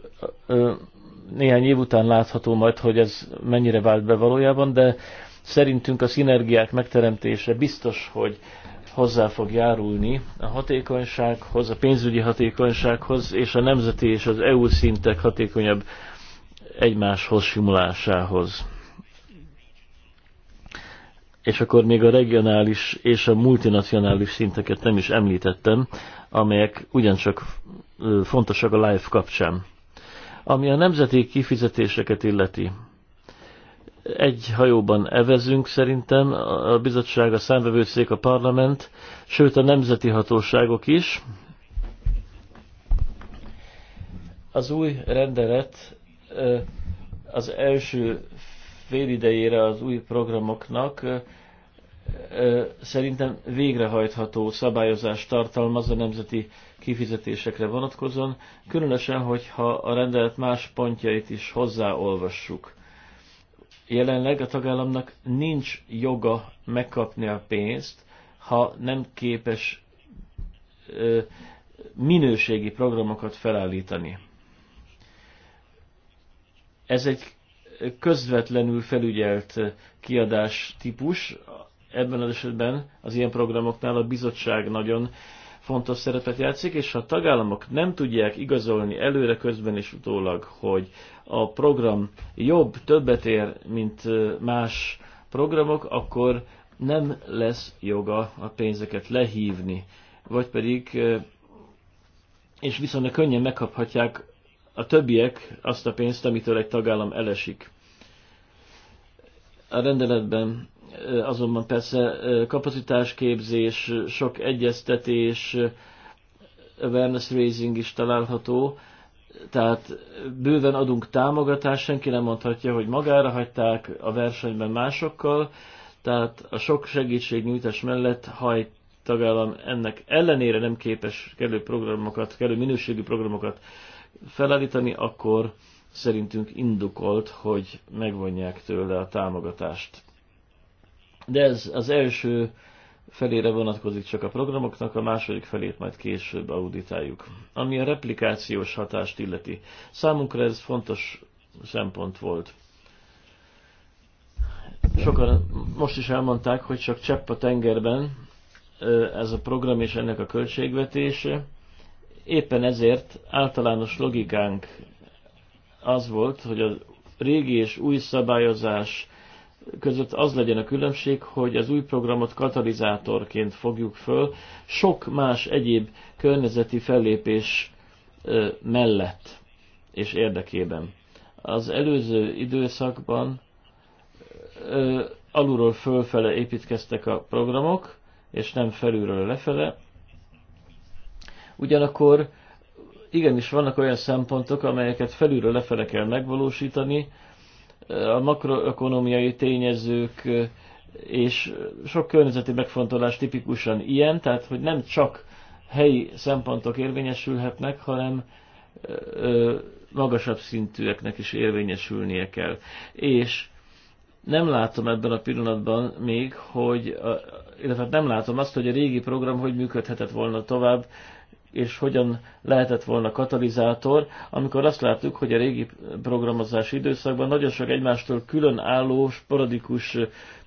néhány év után látható majd, hogy ez mennyire vált be valójában, de szerintünk a szinergiák megteremtése biztos, hogy hozzá fog járulni a hatékonysághoz, a pénzügyi hatékonysághoz és a nemzeti és az EU szintek hatékonyabb egymáshoz simulásához. És akkor még a regionális és a multinacionális szinteket nem is említettem, amelyek ugyancsak fontosak a live kapcsán. Ami a nemzeti kifizetéseket illeti, egy hajóban evezünk szerintem, a bizottság, a számvevőszék, a parlament, sőt a nemzeti hatóságok is. Az új rendelet az első fél idejére az új programoknak szerintem végrehajtható szabályozást tartalmaz a nemzeti kifizetésekre vonatkozóan, különösen, hogyha a rendelet más pontjait is hozzáolvassuk. Jelenleg a tagállamnak nincs joga megkapni a pénzt, ha nem képes minőségi programokat felállítani. Ez egy közvetlenül felügyelt kiadás típus, ebben az esetben az ilyen programoknál a bizottság nagyon fontos szerepet játszik, és ha a tagállamok nem tudják igazolni előre, közben és utólag, hogy a program jobb, többet ér, mint más programok, akkor nem lesz joga a pénzeket lehívni, vagy pedig, és viszonylag könnyen megkaphatják a többiek azt a pénzt, amitől egy tagállam elesik. A rendeletben azonban persze kapacitásképzés, sok egyeztetés, awareness raising is található, tehát bőven adunk támogatást, senki nem mondhatja, hogy magára hagyták a versenyben másokkal, tehát a sok segítségnyújtás mellett, ha egy tagállam ennek ellenére nem képes kellő programokat, kellő minőségű programokat felállítani, akkor szerintünk indukolt, hogy megvonják tőle a támogatást. De ez az első felére vonatkozik csak a programoknak, a második felét majd később auditáljuk. Ami a replikációs hatást illeti. Számunkra ez fontos szempont volt. Sokan most is elmondták, hogy csak csepp a tengerben ez a program és ennek a költségvetése. Éppen ezért általános logikánk az volt, hogy a régi és új szabályozás között az legyen a különbség, hogy az új programot katalizátorként fogjuk föl sok más egyéb környezeti fellépés mellett és érdekében. Az előző időszakban alulról fölfele építkeztek a programok, és nem felülről lefele. Ugyanakkor igenis vannak olyan szempontok, amelyeket felülről lefele kell megvalósítani, a makroökonomiai tényezők és sok környezeti megfontolás tipikusan ilyen, tehát hogy nem csak helyi szempontok érvényesülhetnek, hanem magasabb szintűeknek is érvényesülnie kell. És nem látom ebben a pillanatban még, hogy, illetve nem látom azt, hogy a régi program hogy működhetett volna tovább és hogyan lehetett volna katalizátor, amikor azt láttuk, hogy a régi programozási időszakban nagyon sok egymástól külön álló sporadikus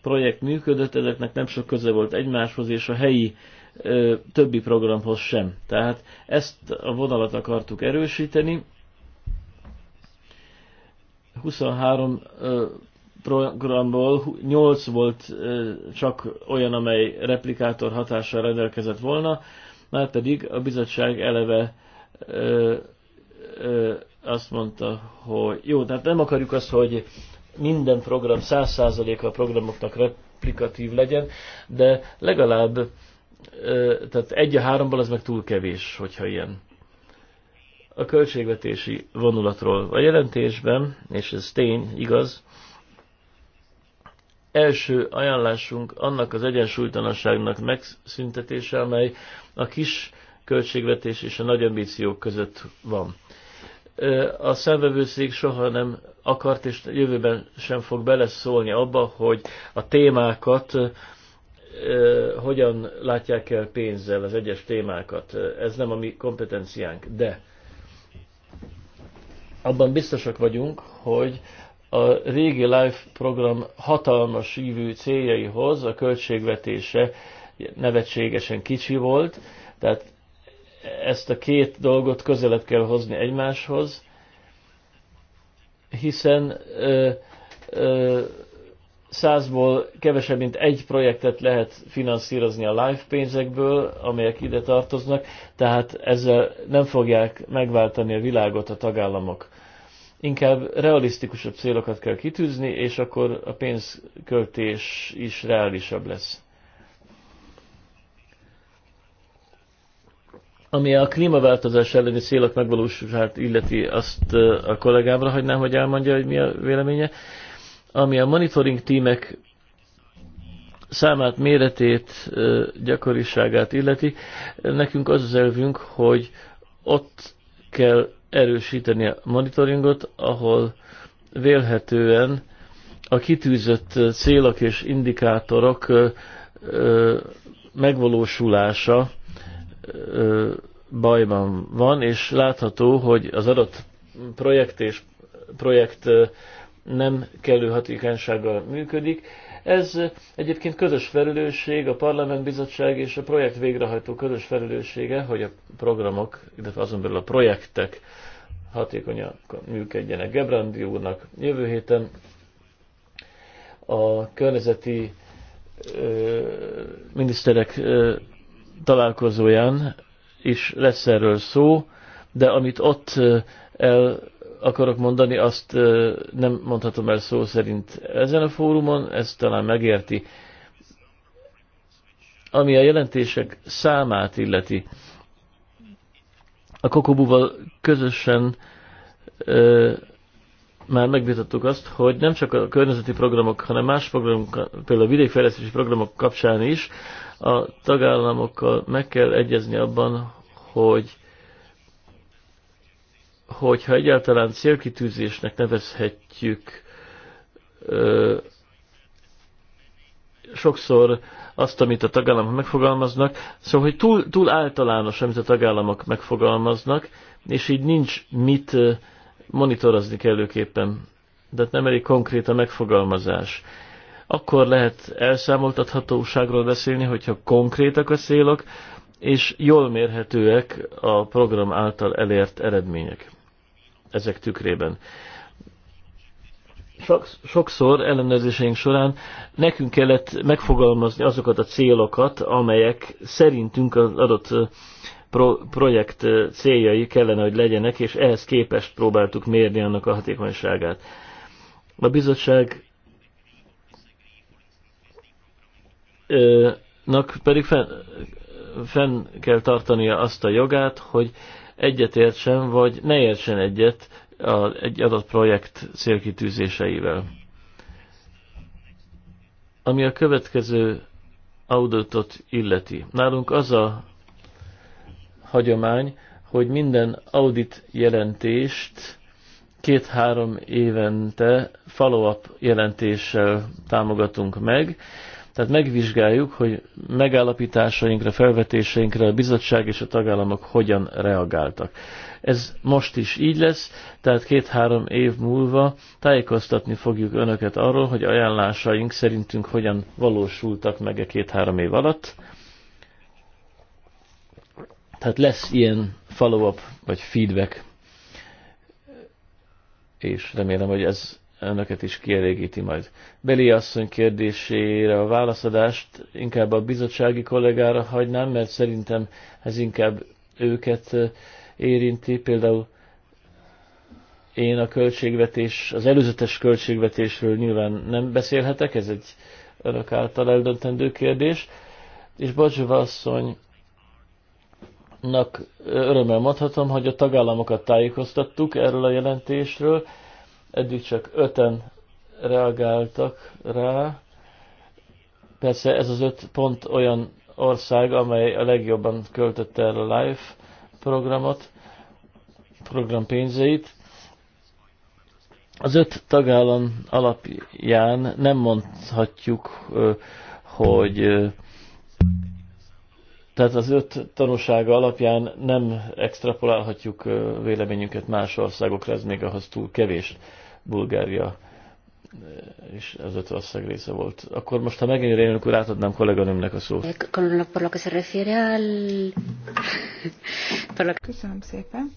projekt működött, ezeknek nem sok köze volt egymáshoz, és a helyi ö, többi programhoz sem. Tehát ezt a vonalat akartuk erősíteni. 23 ö, programból 8 volt ö, csak olyan, amely replikátor hatással rendelkezett volna, már pedig a bizottság eleve ö, ö, azt mondta, hogy jó, tehát nem akarjuk azt, hogy minden program 100%-a a programoknak replikatív legyen, de legalább ö, tehát egy a háromból az meg túl kevés, hogyha ilyen. A költségvetési vonulatról a jelentésben, és ez tény, igaz, első ajánlásunk annak az egyensúlytalanságnak megszüntetése, amely a kis költségvetés és a nagy ambíciók között van. A szemvevőszék soha nem akart, és jövőben sem fog beleszólni abba, hogy a témákat hogyan látják el pénzzel az egyes témákat. Ez nem a mi kompetenciánk, de abban biztosak vagyunk, hogy a régi Life program hatalmas ívű céljaihoz a költségvetése nevetségesen kicsi volt, tehát ezt a két dolgot közelebb kell hozni egymáshoz, hiszen ö, ö, százból kevesebb, mint egy projektet lehet finanszírozni a live pénzekből, amelyek ide tartoznak, tehát ezzel nem fogják megváltani a világot a tagállamok. Inkább realisztikusabb célokat kell kitűzni, és akkor a pénzköltés is reálisabb lesz. Ami a klímaváltozás elleni célok megvalósulását illeti, azt a kollégámra hagynám, hogy elmondja, hogy mi a véleménye. Ami a monitoring tímek számát, méretét, gyakoriságát illeti, nekünk az az elvünk, hogy ott kell erősíteni a monitoringot, ahol vélhetően a kitűzött célok és indikátorok megvalósulása bajban van, és látható, hogy az adott projekt és projekt nem kellő hatékonysággal működik. Ez egyébként közös felelősség, a Parlament Bizottság és a projekt végrehajtó közös felelőssége, hogy a programok, illetve azon belül a projektek hatékonyan működjenek. Gebrandi úrnak jövő héten a környezeti ö, miniszterek ö, találkozóján is lesz erről szó, de amit ott el akarok mondani, azt nem mondhatom el szó szerint ezen a fórumon, Ez talán megérti. Ami a jelentések számát illeti, a Kokobúval közösen ö, már megvitattuk azt, hogy nem csak a környezeti programok, hanem más programok, például a vidékfejlesztési programok kapcsán is a tagállamokkal meg kell egyezni abban, hogy hogyha egyáltalán célkitűzésnek nevezhetjük, ö, sokszor azt, amit a tagállamok megfogalmaznak, szóval, hogy túl, túl általános, amit a tagállamok megfogalmaznak, és így nincs mit monitorozni kellőképpen. De hát nem elég konkrét a megfogalmazás. Akkor lehet elszámoltathatóságról beszélni, hogyha konkrétak a célok, és jól mérhetőek a program által elért eredmények ezek tükrében sokszor ellenőrzéseink során nekünk kellett megfogalmazni azokat a célokat, amelyek szerintünk az adott pro- projekt céljai kellene, hogy legyenek, és ehhez képest próbáltuk mérni annak a hatékonyságát. A ...nak pedig fenn, fenn kell tartania azt a jogát, hogy egyetértsen vagy ne értsen egyet a, egy adott projekt célkitűzéseivel. Ami a következő auditot illeti. Nálunk az a hagyomány, hogy minden audit jelentést két-három évente follow-up jelentéssel támogatunk meg, tehát megvizsgáljuk, hogy megállapításainkra, felvetéseinkre a bizottság és a tagállamok hogyan reagáltak. Ez most is így lesz, tehát két-három év múlva tájékoztatni fogjuk önöket arról, hogy ajánlásaink szerintünk hogyan valósultak meg a e két-három év alatt. Tehát lesz ilyen follow-up vagy feedback, és remélem, hogy ez önöket is kielégíti majd. Beli asszony kérdésére a válaszadást inkább a bizottsági kollégára hagynám, mert szerintem ez inkább őket érinti, például én a költségvetés, az előzetes költségvetésről nyilván nem beszélhetek, ez egy önök által eldöntendő kérdés, és Bocsova asszonynak örömmel mondhatom, hogy a tagállamokat tájékoztattuk erről a jelentésről, eddig csak öten reagáltak rá. Persze ez az öt pont olyan ország, amely a legjobban költötte el a life programot, program pénzeit. Az öt tagállam alapján nem mondhatjuk, hogy tehát az öt tanúsága alapján nem extrapolálhatjuk véleményünket más országokra, ez még ahhoz túl kevés Bulgária és az öt ország része volt. Akkor most, ha megint én akkor átadnám kolléganőmnek a szót. Köszönöm szépen.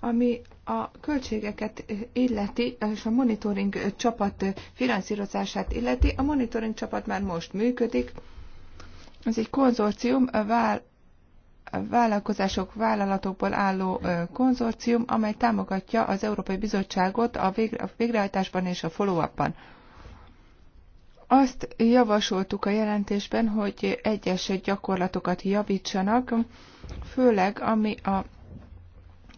Ami a költségeket illeti, és a monitoring csapat finanszírozását illeti, a monitoring csapat már most működik. Ez egy konzorcium, a vál vállalkozások, vállalatokból álló konzorcium, amely támogatja az Európai Bizottságot a, végrehajtásban és a follow-upban. Azt javasoltuk a jelentésben, hogy egyes gyakorlatokat javítsanak, főleg ami a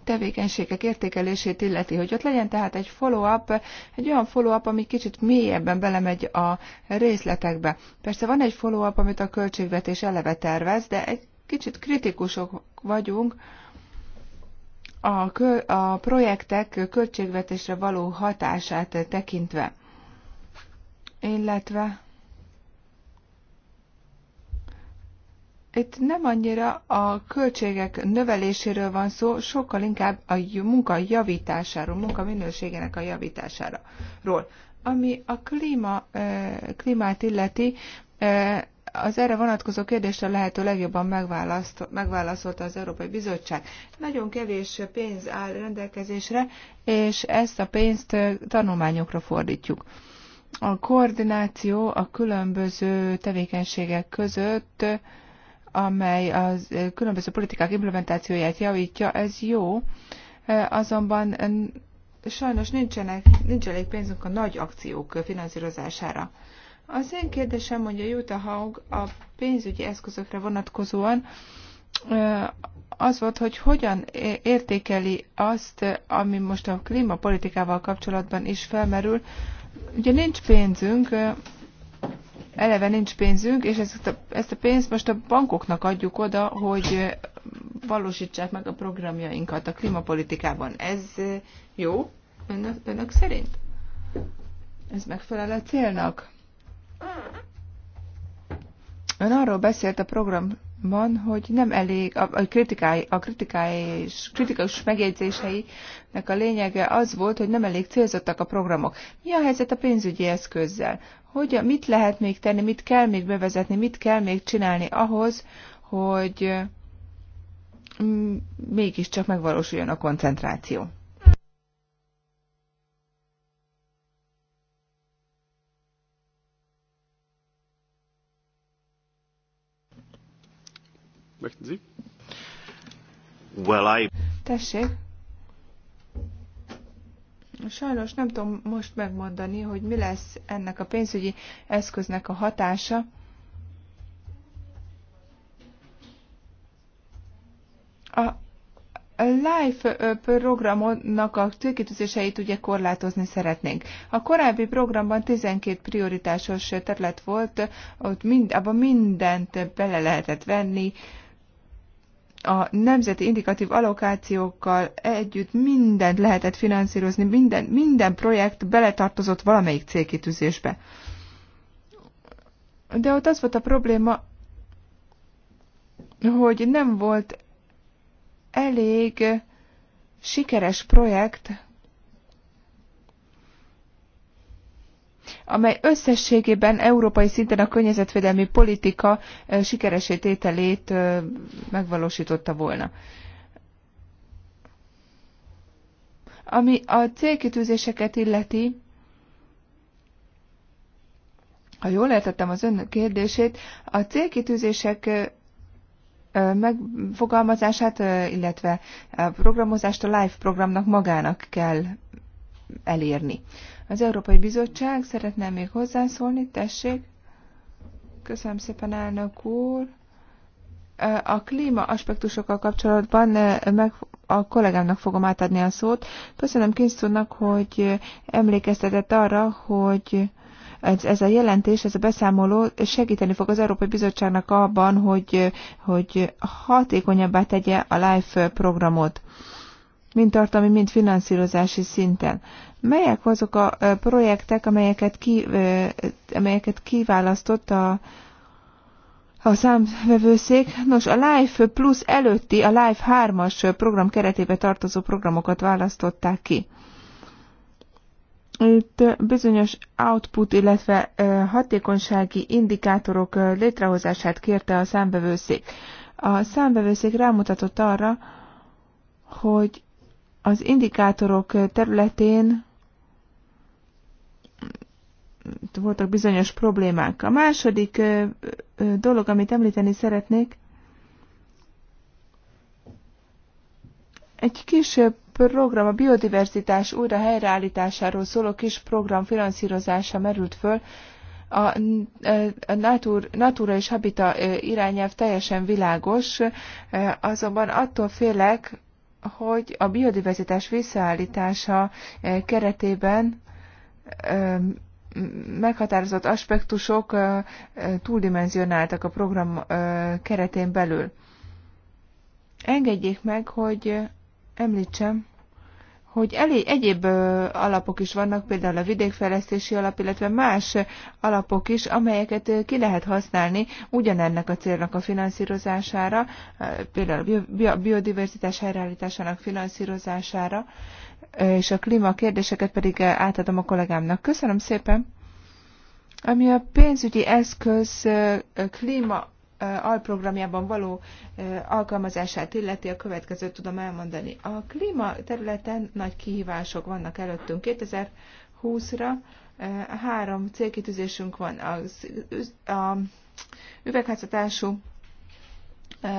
tevékenységek értékelését illeti, hogy ott legyen tehát egy follow-up, egy olyan follow-up, ami kicsit mélyebben belemegy a részletekbe. Persze van egy follow-up, amit a költségvetés eleve tervez, de egy kicsit kritikusok vagyunk a, kö, a projektek költségvetésre való hatását tekintve, illetve itt nem annyira a költségek növeléséről van szó, sokkal inkább a munka javításáról, munka minőségének a javításáról. Ami a klíma, klímát illeti, az erre vonatkozó kérdésre lehető legjobban megválaszolta az Európai Bizottság. Nagyon kevés pénz áll rendelkezésre, és ezt a pénzt tanulmányokra fordítjuk. A koordináció a különböző tevékenységek között, amely a különböző politikák implementációját javítja, ez jó, azonban sajnos nincsenek, nincs elég pénzünk a nagy akciók finanszírozására. Az én kérdésem, mondja Jutta Haug, a pénzügyi eszközökre vonatkozóan az volt, hogy hogyan értékeli azt, ami most a klímapolitikával kapcsolatban is felmerül. Ugye nincs pénzünk, eleve nincs pénzünk, és ezt a, ezt a pénzt most a bankoknak adjuk oda, hogy valósítsák meg a programjainkat a klímapolitikában. Ez jó önök, önök szerint? Ez megfelel a célnak? Ön arról beszélt a programban, hogy nem elég a, a kritikai a kritikai és kritikus megjegyzéseinek a lényege az volt, hogy nem elég célzottak a programok. Mi a helyzet a pénzügyi eszközzel? Hogy, mit lehet még tenni, mit kell még bevezetni, mit kell még csinálni ahhoz, hogy mm, mégiscsak megvalósuljon a koncentráció? Möchten Sie? Well, I... Tessék. Sajnos nem tudom most megmondani, hogy mi lesz ennek a pénzügyi eszköznek a hatása. A LIFE programnak a célkitűzéseit ugye korlátozni szeretnénk. A korábbi programban 12 prioritásos terület volt, ott mind, abban mindent bele lehetett venni, a nemzeti indikatív allokációkkal együtt mindent lehetett finanszírozni, minden, minden projekt beletartozott valamelyik célkitűzésbe. De ott az volt a probléma, hogy nem volt elég sikeres projekt amely összességében európai szinten a környezetvédelmi politika sikeresé tételét megvalósította volna. Ami a célkitűzéseket illeti, ha jól értettem az ön kérdését, a célkitűzések megfogalmazását, illetve a programozást a LIFE programnak magának kell elérni. Az Európai Bizottság szeretne még hozzászólni, tessék. Köszönöm szépen, elnök úr. A klíma aspektusokkal kapcsolatban meg a kollégámnak fogom átadni a szót. Köszönöm Kinsztónak, hogy emlékeztetett arra, hogy ez, ez a jelentés, ez a beszámoló segíteni fog az Európai Bizottságnak abban, hogy, hogy hatékonyabbá tegye a LIFE programot mint tartalmi, mint finanszírozási szinten. Melyek azok a projektek, amelyeket, ki, amelyeket kiválasztott a, a számvevőszék? Nos, a Life Plus előtti, a Life 3-as program keretébe tartozó programokat választották ki. Itt bizonyos output, illetve hatékonysági indikátorok létrehozását kérte a számbevőszék. A számbevőszék rámutatott arra, hogy az indikátorok területén voltak bizonyos problémák. A második dolog, amit említeni szeretnék, egy kis program, a biodiverzitás újra helyreállításáról szóló kis program finanszírozása merült föl. A, a natur, Natura és Habita irányelv teljesen világos, azonban attól félek, hogy a biodiverzitás visszaállítása eh, keretében eh, meghatározott aspektusok eh, túldimenzionáltak a program keretén belül. Engedjék meg, hogy említsem hogy elég egyéb alapok is vannak, például a vidékfejlesztési alap, illetve más alapok is, amelyeket ki lehet használni ugyanennek a célnak a finanszírozására, például a biodiverzitás helyreállításának finanszírozására, és a klíma kérdéseket pedig átadom a kollégámnak. Köszönöm szépen! Ami a pénzügyi eszköz klíma alprogramjában való alkalmazását illeti, a következőt tudom elmondani. A klíma területen nagy kihívások vannak előttünk. 2020-ra három célkitűzésünk van. Az, a üvegházatású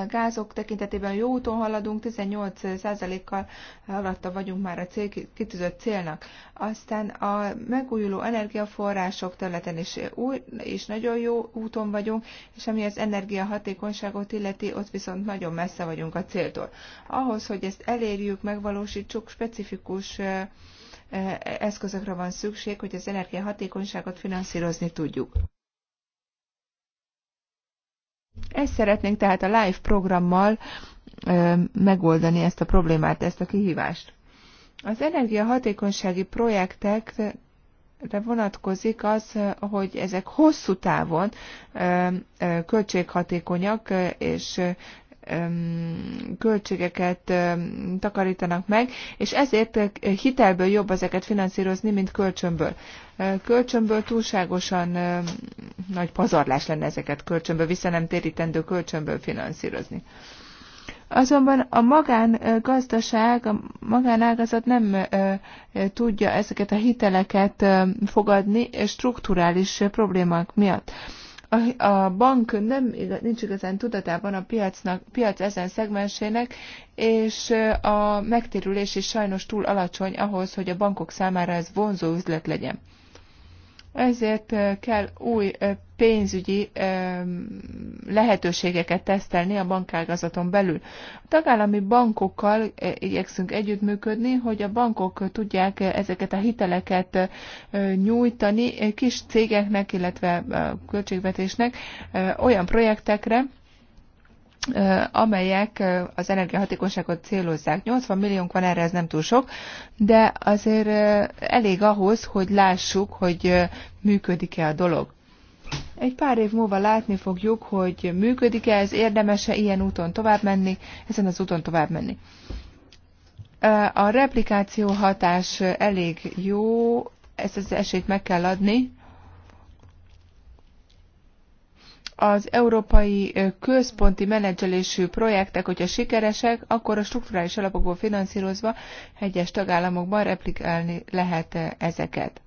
gázok tekintetében jó úton haladunk, 18%-kal alatta vagyunk már a cél, kitűzött célnak. Aztán a megújuló energiaforrások területen is, új, és nagyon jó úton vagyunk, és ami az energiahatékonyságot illeti, ott viszont nagyon messze vagyunk a céltól. Ahhoz, hogy ezt elérjük, megvalósítsuk, specifikus eszközökre van szükség, hogy az energiahatékonyságot finanszírozni tudjuk. Ezt szeretnénk tehát a live programmal megoldani ezt a problémát, ezt a kihívást. Az energiahatékonysági projektekre vonatkozik az, hogy ezek hosszú távon költséghatékonyak és költségeket takarítanak meg, és ezért hitelből jobb ezeket finanszírozni, mint kölcsönből. Kölcsönből túlságosan nagy pazarlás lenne ezeket kölcsönből, vissza nem térítendő kölcsönből finanszírozni. Azonban a magángazdaság, a magánágazat nem tudja ezeket a hiteleket fogadni strukturális problémák miatt. A, a bank nem, nincs igazán tudatában a piacnak, piac ezen szegmensének, és a megtérülés is sajnos túl alacsony ahhoz, hogy a bankok számára ez vonzó üzlet legyen. Ezért kell új pénzügyi lehetőségeket tesztelni a bankágazaton belül. A tagállami bankokkal igyekszünk együttműködni, hogy a bankok tudják ezeket a hiteleket nyújtani kis cégeknek, illetve költségvetésnek olyan projektekre, amelyek az energiahatékonyságot célozzák. 80 milliónk van erre, ez nem túl sok, de azért elég ahhoz, hogy lássuk, hogy működik-e a dolog. Egy pár év múlva látni fogjuk, hogy működik-e, ez érdemese ilyen úton tovább menni, ezen az úton tovább menni. A replikáció hatás elég jó, ezt az esélyt meg kell adni, az európai központi menedzselésű projektek, hogyha sikeresek, akkor a strukturális alapokból finanszírozva egyes tagállamokban replikálni lehet ezeket.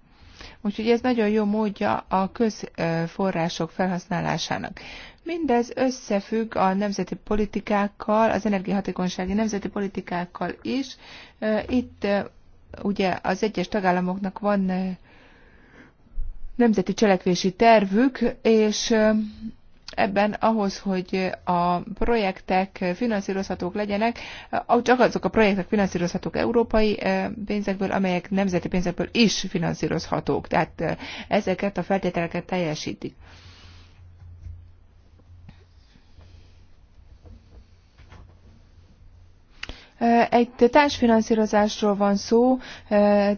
Úgyhogy ez nagyon jó módja a közforrások felhasználásának. Mindez összefügg a nemzeti politikákkal, az energiahatékonysági nemzeti politikákkal is. Itt ugye az egyes tagállamoknak van nemzeti cselekvési tervük, és ebben ahhoz, hogy a projektek finanszírozhatók legyenek, csak azok a projektek finanszírozhatók európai pénzekből, amelyek nemzeti pénzekből is finanszírozhatók. Tehát ezeket a feltételeket teljesítik. Egy társfinanszírozásról van szó,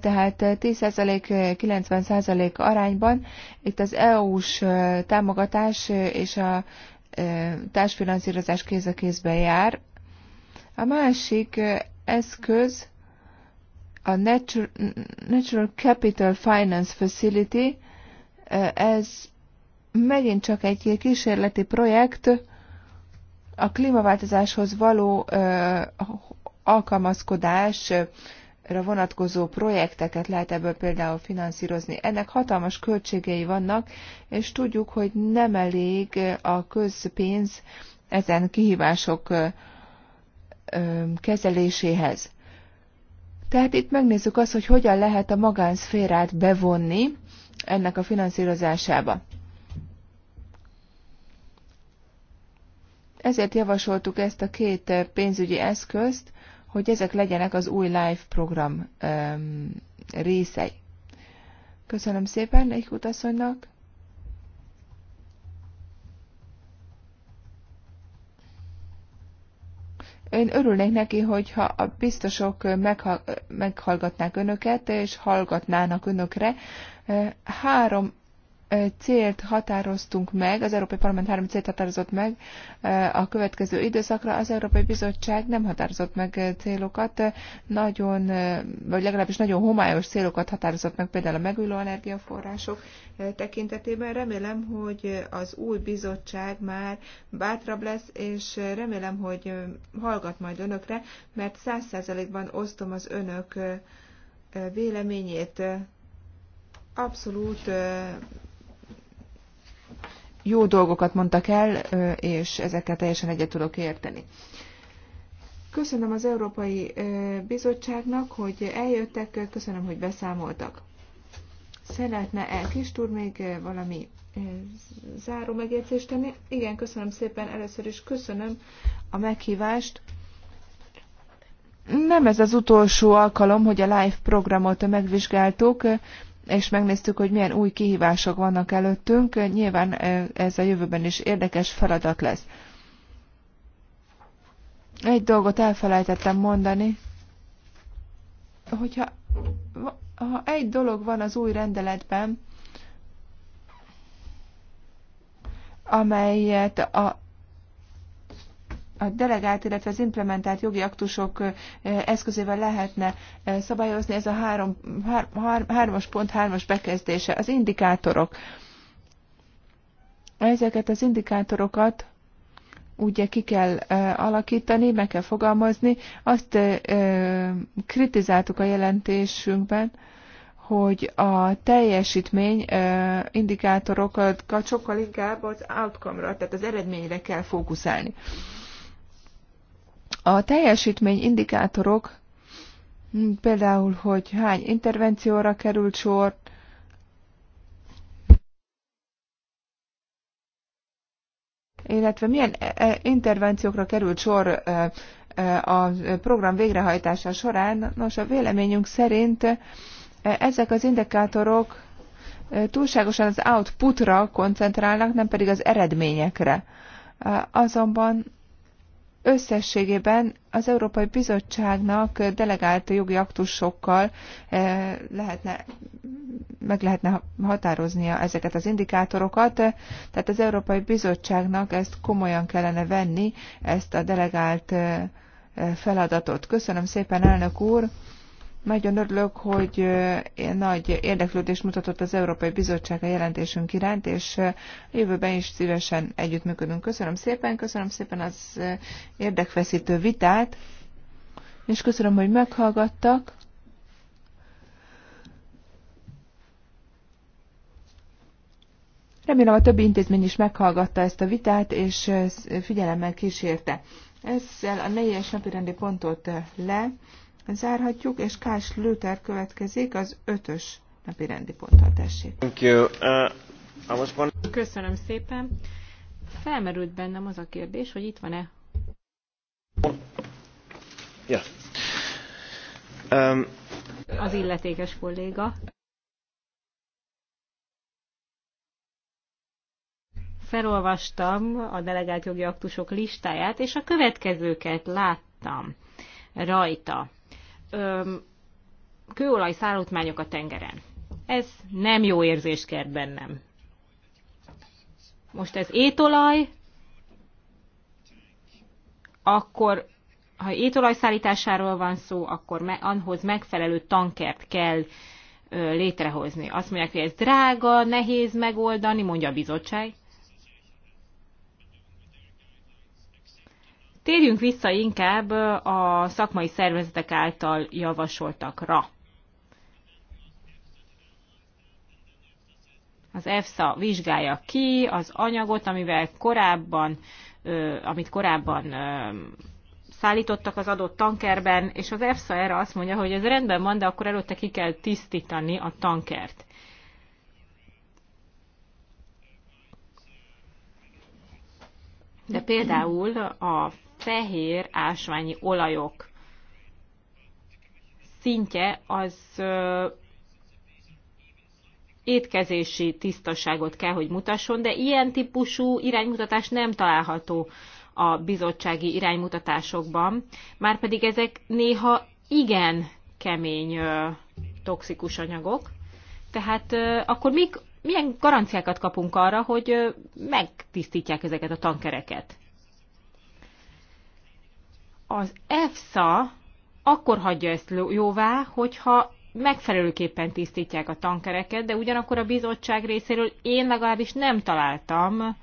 tehát 10% 90% arányban. Itt az EU-s támogatás és a társfinanszírozás kéz a kézben jár. A másik eszköz a Natural Capital Finance Facility, ez megint csak egy kísérleti projekt a klímaváltozáshoz való alkalmazkodásra vonatkozó projekteket lehet ebből például finanszírozni. Ennek hatalmas költségei vannak, és tudjuk, hogy nem elég a közpénz ezen kihívások kezeléséhez. Tehát itt megnézzük azt, hogy hogyan lehet a magánszférát bevonni ennek a finanszírozásába. Ezért javasoltuk ezt a két pénzügyi eszközt, hogy ezek legyenek az új live program um, részei. Köszönöm szépen egy utasszonynak. Én örülnék neki, hogyha a biztosok meghallgatnák önöket, és hallgatnának önökre. Három célt határoztunk meg, az Európai Parlament három célt határozott meg a következő időszakra, az Európai Bizottság nem határozott meg célokat, nagyon, vagy legalábbis nagyon homályos célokat határozott meg, például a megújuló energiaforrások tekintetében. Remélem, hogy az új bizottság már bátrabb lesz, és remélem, hogy hallgat majd önökre, mert száz százalékban osztom az önök véleményét. Abszolút jó dolgokat mondtak el, és ezekkel teljesen egyet tudok érteni. Köszönöm az Európai Bizottságnak, hogy eljöttek, köszönöm, hogy beszámoltak. szeretne el kis túr még valami záró megjegyzést tenni? Igen, köszönöm szépen. Először is köszönöm a meghívást. Nem ez az utolsó alkalom, hogy a live programot megvizsgáltuk és megnéztük, hogy milyen új kihívások vannak előttünk. Nyilván ez a jövőben is érdekes feladat lesz. Egy dolgot elfelejtettem mondani, hogyha ha egy dolog van az új rendeletben, amelyet a a delegált, illetve az implementált jogi aktusok eszközével lehetne szabályozni. Ez a három, hár, hár, hármas pont hármas bekezdése. Az indikátorok. Ezeket az indikátorokat ugye ki kell alakítani, meg kell fogalmazni. Azt kritizáltuk a jelentésünkben, hogy a teljesítmény indikátorokat sokkal inkább az outcome-ra, tehát az eredményre kell fókuszálni. A teljesítmény indikátorok, hmm, például, hogy hány intervencióra került sor, illetve milyen e, e, intervenciókra került sor e, a program végrehajtása során. Nos, a véleményünk szerint ezek az indikátorok túlságosan az outputra koncentrálnak, nem pedig az eredményekre. Azonban Összességében az Európai Bizottságnak delegált jogi aktusokkal eh, lehetne, meg lehetne határoznia ezeket az indikátorokat, tehát az Európai Bizottságnak ezt komolyan kellene venni, ezt a delegált eh, feladatot. Köszönöm szépen, elnök úr! Nagyon örülök, hogy eh, nagy érdeklődést mutatott az Európai Bizottság a jelentésünk iránt, és eh, a jövőben is szívesen együttműködünk. Köszönöm szépen, köszönöm szépen az eh, érdekfeszítő vitát, és köszönöm, hogy meghallgattak. Remélem a többi intézmény is meghallgatta ezt a vitát, és figyelemmel kísérte. Ezzel a négyes napi rendi pontot le zárhatjuk, és Kás Lőter következik az ötös napi rendi ponttal tessék. Thank you. Uh, Köszönöm szépen. Felmerült bennem az a kérdés, hogy itt van-e? Yeah. Um, az illetékes kolléga. Felolvastam a delegált jogi aktusok listáját, és a következőket láttam rajta kőolaj szállítmányok a tengeren. Ez nem jó érzés kert bennem. Most ez étolaj, akkor ha étolaj szállításáról van szó, akkor me, ahhoz megfelelő tankert kell ö, létrehozni. Azt mondják, hogy ez drága, nehéz megoldani, mondja a bizottság. Térjünk vissza inkább a szakmai szervezetek által javasoltakra. Az EFSA vizsgálja ki az anyagot, amivel korábban, amit korábban szállítottak az adott tankerben, és az EFSA erre azt mondja, hogy ez rendben van, de akkor előtte ki kell tisztítani a tankert. De például a fehér ásványi olajok szintje az étkezési tisztaságot kell, hogy mutasson, de ilyen típusú iránymutatás nem található a bizottsági iránymutatásokban, márpedig ezek néha igen kemény ö, toxikus anyagok. Tehát ö, akkor mik, milyen garanciákat kapunk arra, hogy ö, megtisztítják ezeket a tankereket? az EFSA akkor hagyja ezt jóvá, hogyha megfelelőképpen tisztítják a tankereket, de ugyanakkor a bizottság részéről én legalábbis nem találtam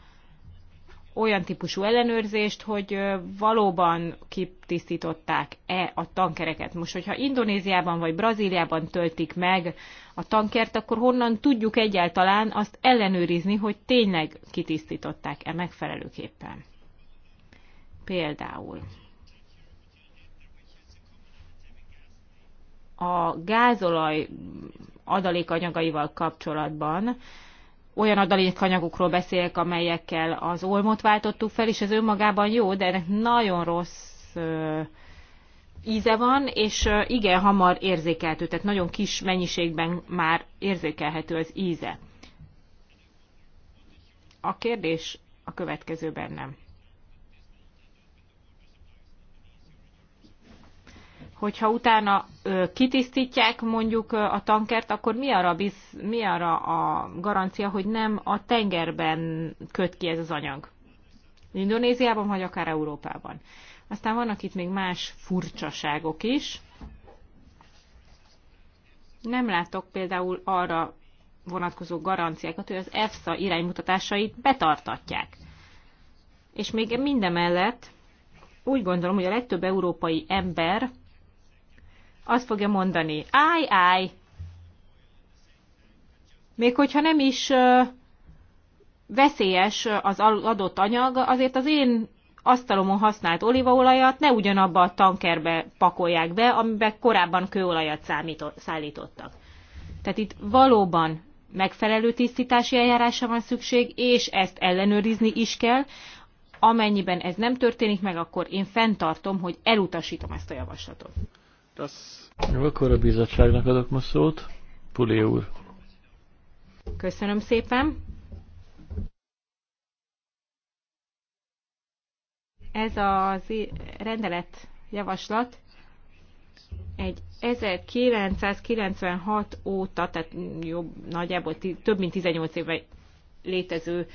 olyan típusú ellenőrzést, hogy valóban kitisztították-e a tankereket. Most, hogyha Indonéziában vagy Brazíliában töltik meg a tankert, akkor honnan tudjuk egyáltalán azt ellenőrizni, hogy tényleg kitisztították-e megfelelőképpen? Például. a gázolaj adalékanyagaival kapcsolatban olyan adalékanyagokról beszélek, amelyekkel az olmot váltottuk fel, és ez önmagában jó, de ennek nagyon rossz íze van, és igen hamar érzékelhető, tehát nagyon kis mennyiségben már érzékelhető az íze. A kérdés a következő bennem. hogyha utána kitisztítják mondjuk a tankert, akkor mi arra, biz, mi arra a garancia, hogy nem a tengerben köt ki ez az anyag? Indonéziában, vagy akár Európában. Aztán vannak itt még más furcsaságok is. Nem látok például arra vonatkozó garanciákat, hogy az EFSA iránymutatásait betartatják. És még mindemellett úgy gondolom, hogy a legtöbb európai ember azt fogja mondani, állj, állj, még hogyha nem is veszélyes az adott anyag, azért az én asztalomon használt olívaolajat ne ugyanabba a tankerbe pakolják be, amiben korábban kőolajat szállítottak. Tehát itt valóban megfelelő tisztítási eljárásra van szükség, és ezt ellenőrizni is kell. Amennyiben ez nem történik meg, akkor én fenntartom, hogy elutasítom ezt a javaslatot. Das... Jó, akkor a bizottságnak adok most szót. Puli úr. Köszönöm szépen. Ez a rendelet javaslat egy 1996 óta, tehát jobb, nagyjából több mint 18 évvel létező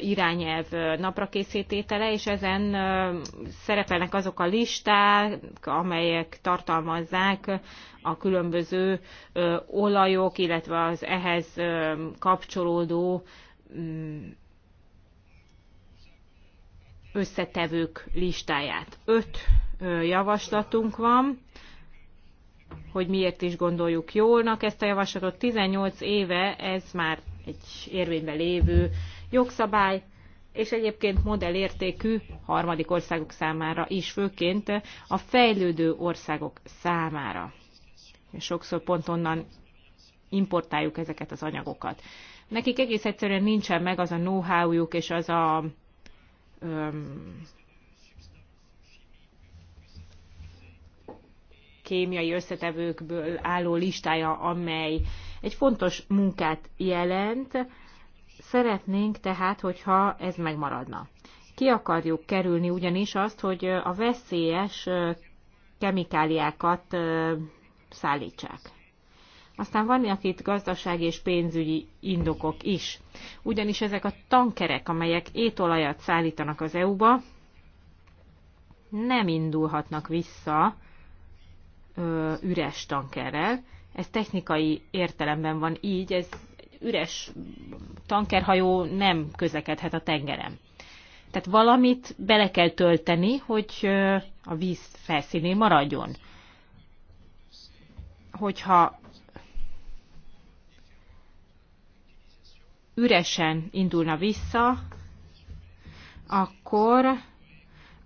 irányelv naprakészítétele, és ezen szerepelnek azok a listák, amelyek tartalmazzák a különböző olajok, illetve az ehhez kapcsolódó mm, összetevők listáját. Öt javaslatunk van, hogy miért is gondoljuk jólnak ezt a javaslatot. 18 éve ez már egy érvényben lévő jogszabály, és egyébként modellértékű harmadik országok számára is, főként a fejlődő országok számára. És sokszor pont onnan importáljuk ezeket az anyagokat. Nekik egész egyszerűen nincsen meg az a know-howjuk és az a öm, kémiai összetevőkből álló listája, amely egy fontos munkát jelent, szeretnénk tehát, hogyha ez megmaradna. Ki akarjuk kerülni ugyanis azt, hogy a veszélyes kemikáliákat szállítsák. Aztán vannak itt gazdasági és pénzügyi indokok is. Ugyanis ezek a tankerek, amelyek étolajat szállítanak az EU-ba, nem indulhatnak vissza ö, üres tankerrel, ez technikai értelemben van így, ez üres tankerhajó nem közlekedhet a tengeren. Tehát valamit bele kell tölteni, hogy a víz felszínén maradjon. Hogyha üresen indulna vissza, akkor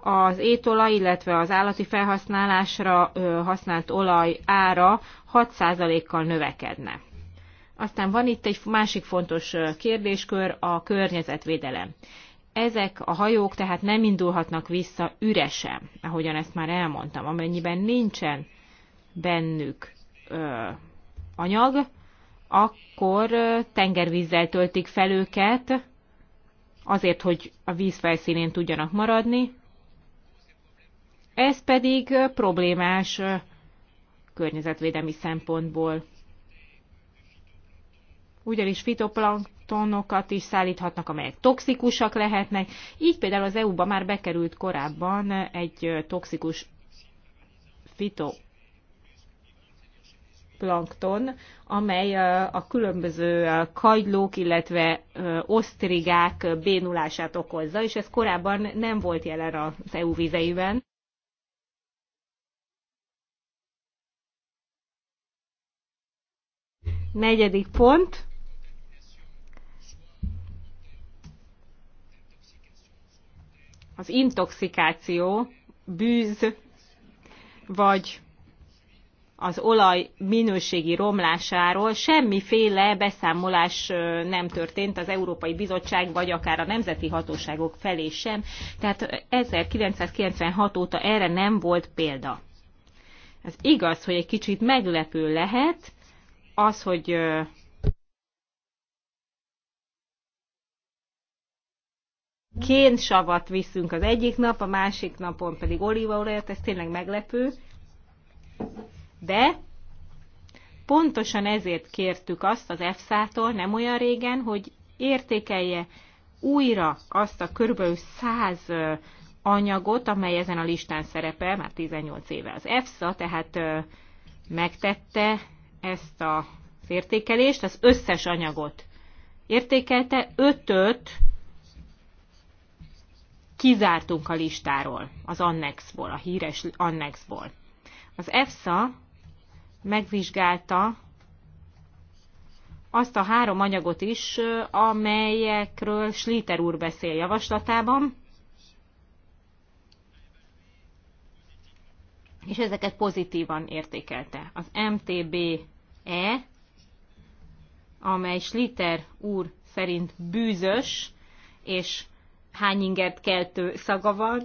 az étolaj, illetve az állati felhasználásra használt olaj ára 6%-kal növekedne. Aztán van itt egy másik fontos kérdéskör, a környezetvédelem. Ezek a hajók tehát nem indulhatnak vissza üresen, ahogyan ezt már elmondtam, amennyiben nincsen bennük ö, anyag, akkor tengervízzel töltik fel őket, azért, hogy a víz felszínén tudjanak maradni, ez pedig problémás környezetvédelmi szempontból. Ugyanis fitoplanktonokat is szállíthatnak, amelyek toxikusak lehetnek. Így például az EU-ba már bekerült korábban egy toxikus fitoplankton, amely a különböző kagylók, illetve osztrigák bénulását okozza, és ez korábban nem volt jelen az EU vizeiben. Negyedik pont. Az intoxikáció, bűz, vagy az olaj minőségi romlásáról semmiféle beszámolás nem történt az Európai Bizottság, vagy akár a nemzeti hatóságok felé sem. Tehát 1996 óta erre nem volt példa. Ez igaz, hogy egy kicsit meglepő lehet, az, hogy kén savat viszünk az egyik nap, a másik napon pedig olívaolajat, ez tényleg meglepő. De pontosan ezért kértük azt az EFSA-tól nem olyan régen, hogy értékelje újra azt a kb. 100 anyagot, amely ezen a listán szerepel, már 18 éve az EFSA, tehát megtette ezt a értékelést, az összes anyagot értékelte, ötöt kizártunk a listáról, az annexból, a híres annexból. Az EFSA megvizsgálta azt a három anyagot is, amelyekről Schlitter úr beszél javaslatában, és ezeket pozitívan értékelte. Az MTBE, amely Schlitter úr szerint bűzös, és ingert keltő szaga van,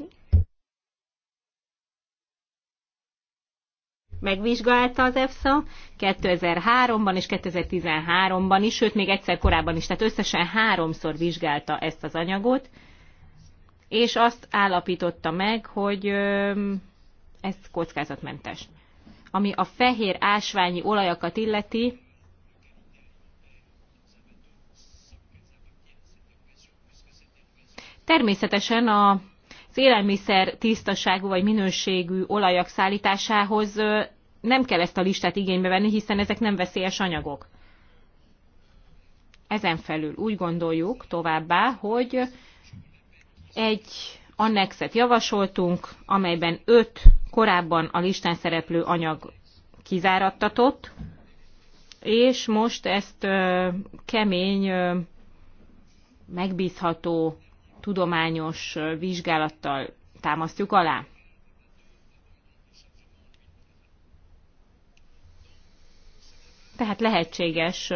megvizsgálta az EFSA 2003-ban és 2013-ban is, sőt még egyszer korábban is, tehát összesen háromszor vizsgálta ezt az anyagot, és azt állapította meg, hogy ez kockázatmentes. Ami a fehér ásványi olajakat illeti, természetesen a az élelmiszer tisztaságú vagy minőségű olajak szállításához nem kell ezt a listát igénybe venni, hiszen ezek nem veszélyes anyagok. Ezen felül úgy gondoljuk továbbá, hogy egy annexet javasoltunk, amelyben öt korábban a listán szereplő anyag kizárattatott, és most ezt kemény, megbízható, tudományos vizsgálattal támasztjuk alá. Tehát lehetséges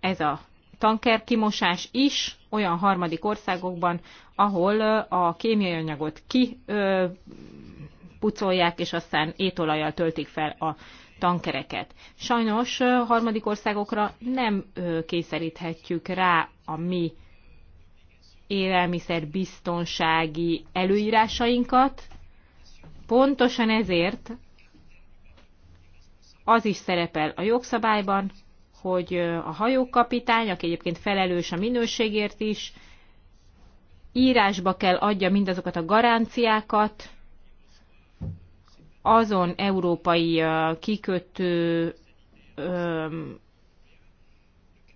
ez a tanker kimosás is olyan harmadik országokban, ahol a kémiai anyagot kipucolják, és aztán étolajjal töltik fel a tankereket. Sajnos harmadik országokra nem kényszeríthetjük rá a mi biztonsági előírásainkat. Pontosan ezért az is szerepel a jogszabályban, hogy a hajókapitány, aki egyébként felelős a minőségért is, írásba kell adja mindazokat a garanciákat, azon európai kikötő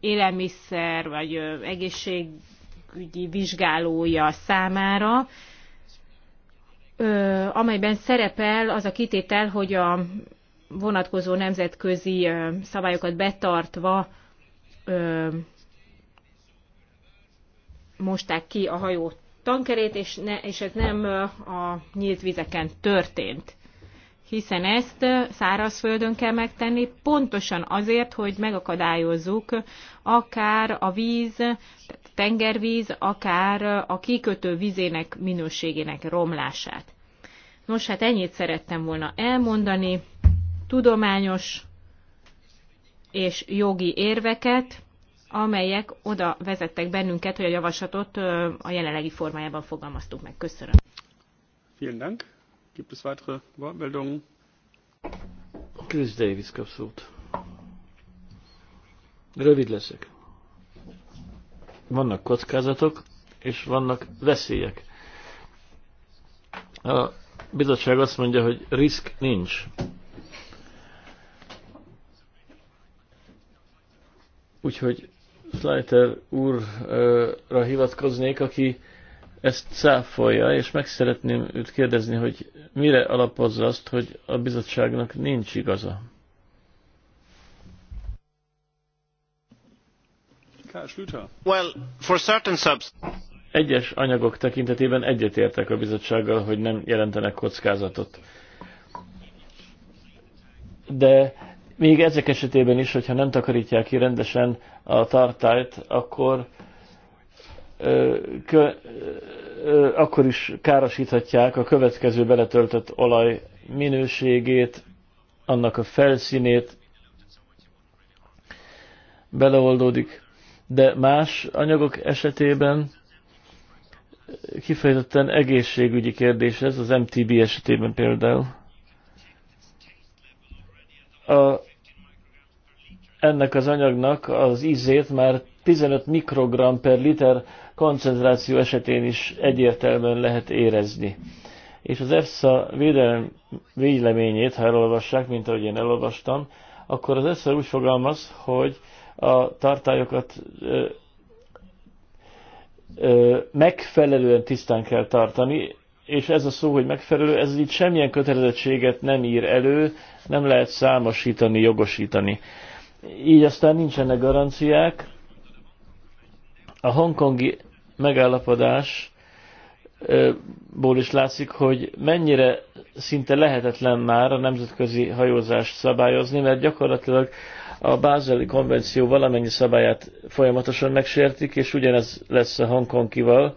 élelmiszer vagy egészségügyi vizsgálója számára, amelyben szerepel az a kitétel, hogy a vonatkozó nemzetközi szabályokat betartva mosták ki a hajó tankerét, és, ne, és ez nem a nyílt vizeken történt hiszen ezt szárazföldön kell megtenni, pontosan azért, hogy megakadályozzuk akár a víz, tengervíz, akár a kikötő vizének minőségének romlását. Nos, hát ennyit szerettem volna elmondani, tudományos és jogi érveket, amelyek oda vezettek bennünket, hogy a javaslatot a jelenlegi formájában fogalmaztuk meg. Köszönöm. Vielen Dank. Gibt es weitere Wortmeldungen? Chris Davis kap szót. Rövid leszek. Vannak kockázatok, és vannak veszélyek. A bizottság azt mondja, hogy risk nincs. Úgyhogy Schleiter úrra hivatkoznék, aki ezt száfolja, és meg szeretném őt kérdezni, hogy mire alapozza azt, hogy a bizottságnak nincs igaza. Well, for certain subs Egyes anyagok tekintetében egyetértek a bizottsággal, hogy nem jelentenek kockázatot. De még ezek esetében is, hogyha nem takarítják ki rendesen a tartályt, akkor, ö, kö, ö, akkor is károsíthatják a következő beletöltött olaj minőségét, annak a felszínét, beleoldódik. De más anyagok esetében kifejezetten egészségügyi kérdés ez, az MTB esetében például. A ennek az anyagnak az ízét már 15 mikrogram per liter koncentráció esetén is egyértelműen lehet érezni. És az EFSA védelem, véleményét, ha elolvassák, mint ahogy én elolvastam, akkor az EFSA úgy fogalmaz, hogy a tartályokat ö, ö, megfelelően tisztán kell tartani, és ez a szó, hogy megfelelő, ez itt semmilyen kötelezettséget nem ír elő, nem lehet számosítani, jogosítani így aztán nincsenek garanciák. A hongkongi megállapodásból is látszik, hogy mennyire szinte lehetetlen már a nemzetközi hajózást szabályozni, mert gyakorlatilag a Bázeli konvenció valamennyi szabályát folyamatosan megsértik, és ugyanez lesz a Hongkongival.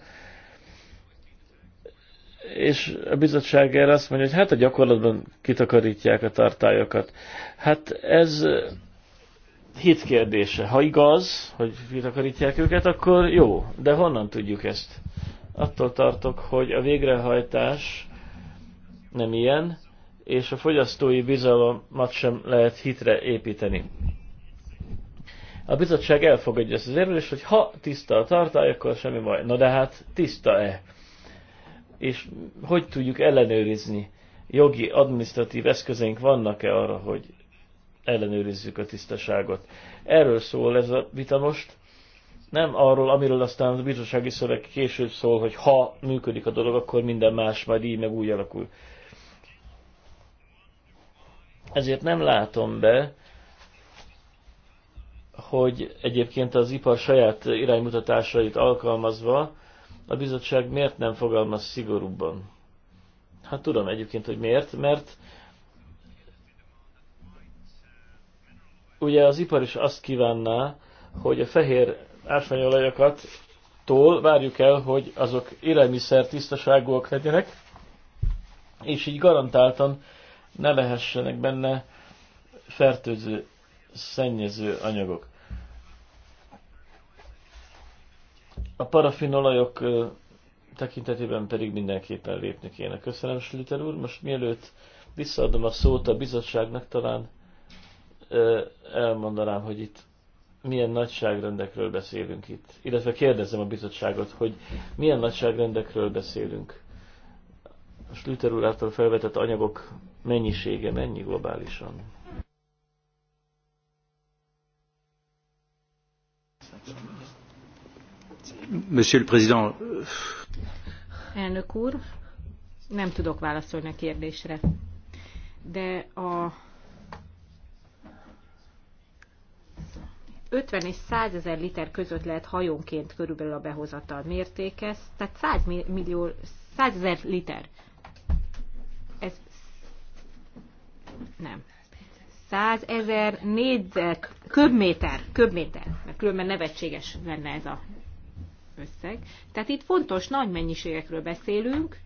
És a bizottság erre azt mondja, hogy hát a gyakorlatban kitakarítják a tartályokat. Hát ez hit kérdése. Ha igaz, hogy kitakarítják őket, akkor jó, de honnan tudjuk ezt? Attól tartok, hogy a végrehajtás nem ilyen, és a fogyasztói bizalomat sem lehet hitre építeni. A bizottság elfogadja ezt az érvelést, hogy ha tiszta a tartály, akkor semmi baj. Na de hát tiszta-e? És hogy tudjuk ellenőrizni? Jogi, administratív eszközeink vannak-e arra, hogy ellenőrizzük a tisztaságot. Erről szól ez a vita most, nem arról, amiről aztán a bizottsági szöveg később szól, hogy ha működik a dolog, akkor minden más majd így meg úgy alakul. Ezért nem látom be, hogy egyébként az ipar saját iránymutatásait alkalmazva a bizottság miért nem fogalmaz szigorúbban. Hát tudom egyébként, hogy miért, mert Ugye az ipar is azt kívánná, hogy a fehér ásványolajakat tól várjuk el, hogy azok élelmiszer tisztaságúak legyenek, és így garantáltan ne lehessenek benne fertőző, szennyező anyagok. A parafinolajok tekintetében pedig mindenképpen lépni kéne. Köszönöm, Slüter úr. Most mielőtt visszaadom a szót a bizottságnak, talán elmondanám, hogy itt milyen nagyságrendekről beszélünk itt, illetve kérdezem a bizottságot, hogy milyen nagyságrendekről beszélünk. A Slüter úr által felvetett anyagok mennyisége mennyi globálisan? Monsieur le Président. Elnök úr, nem tudok válaszolni a kérdésre, de a 50 és 100 ezer liter között lehet hajónként körülbelül a behozatal mértéke, tehát 100 millió, 100 ezer liter. Ez nem. 100 ezer négyzet, köbméter, köbméter, mert különben nevetséges lenne ez a összeg. Tehát itt fontos nagy mennyiségekről beszélünk,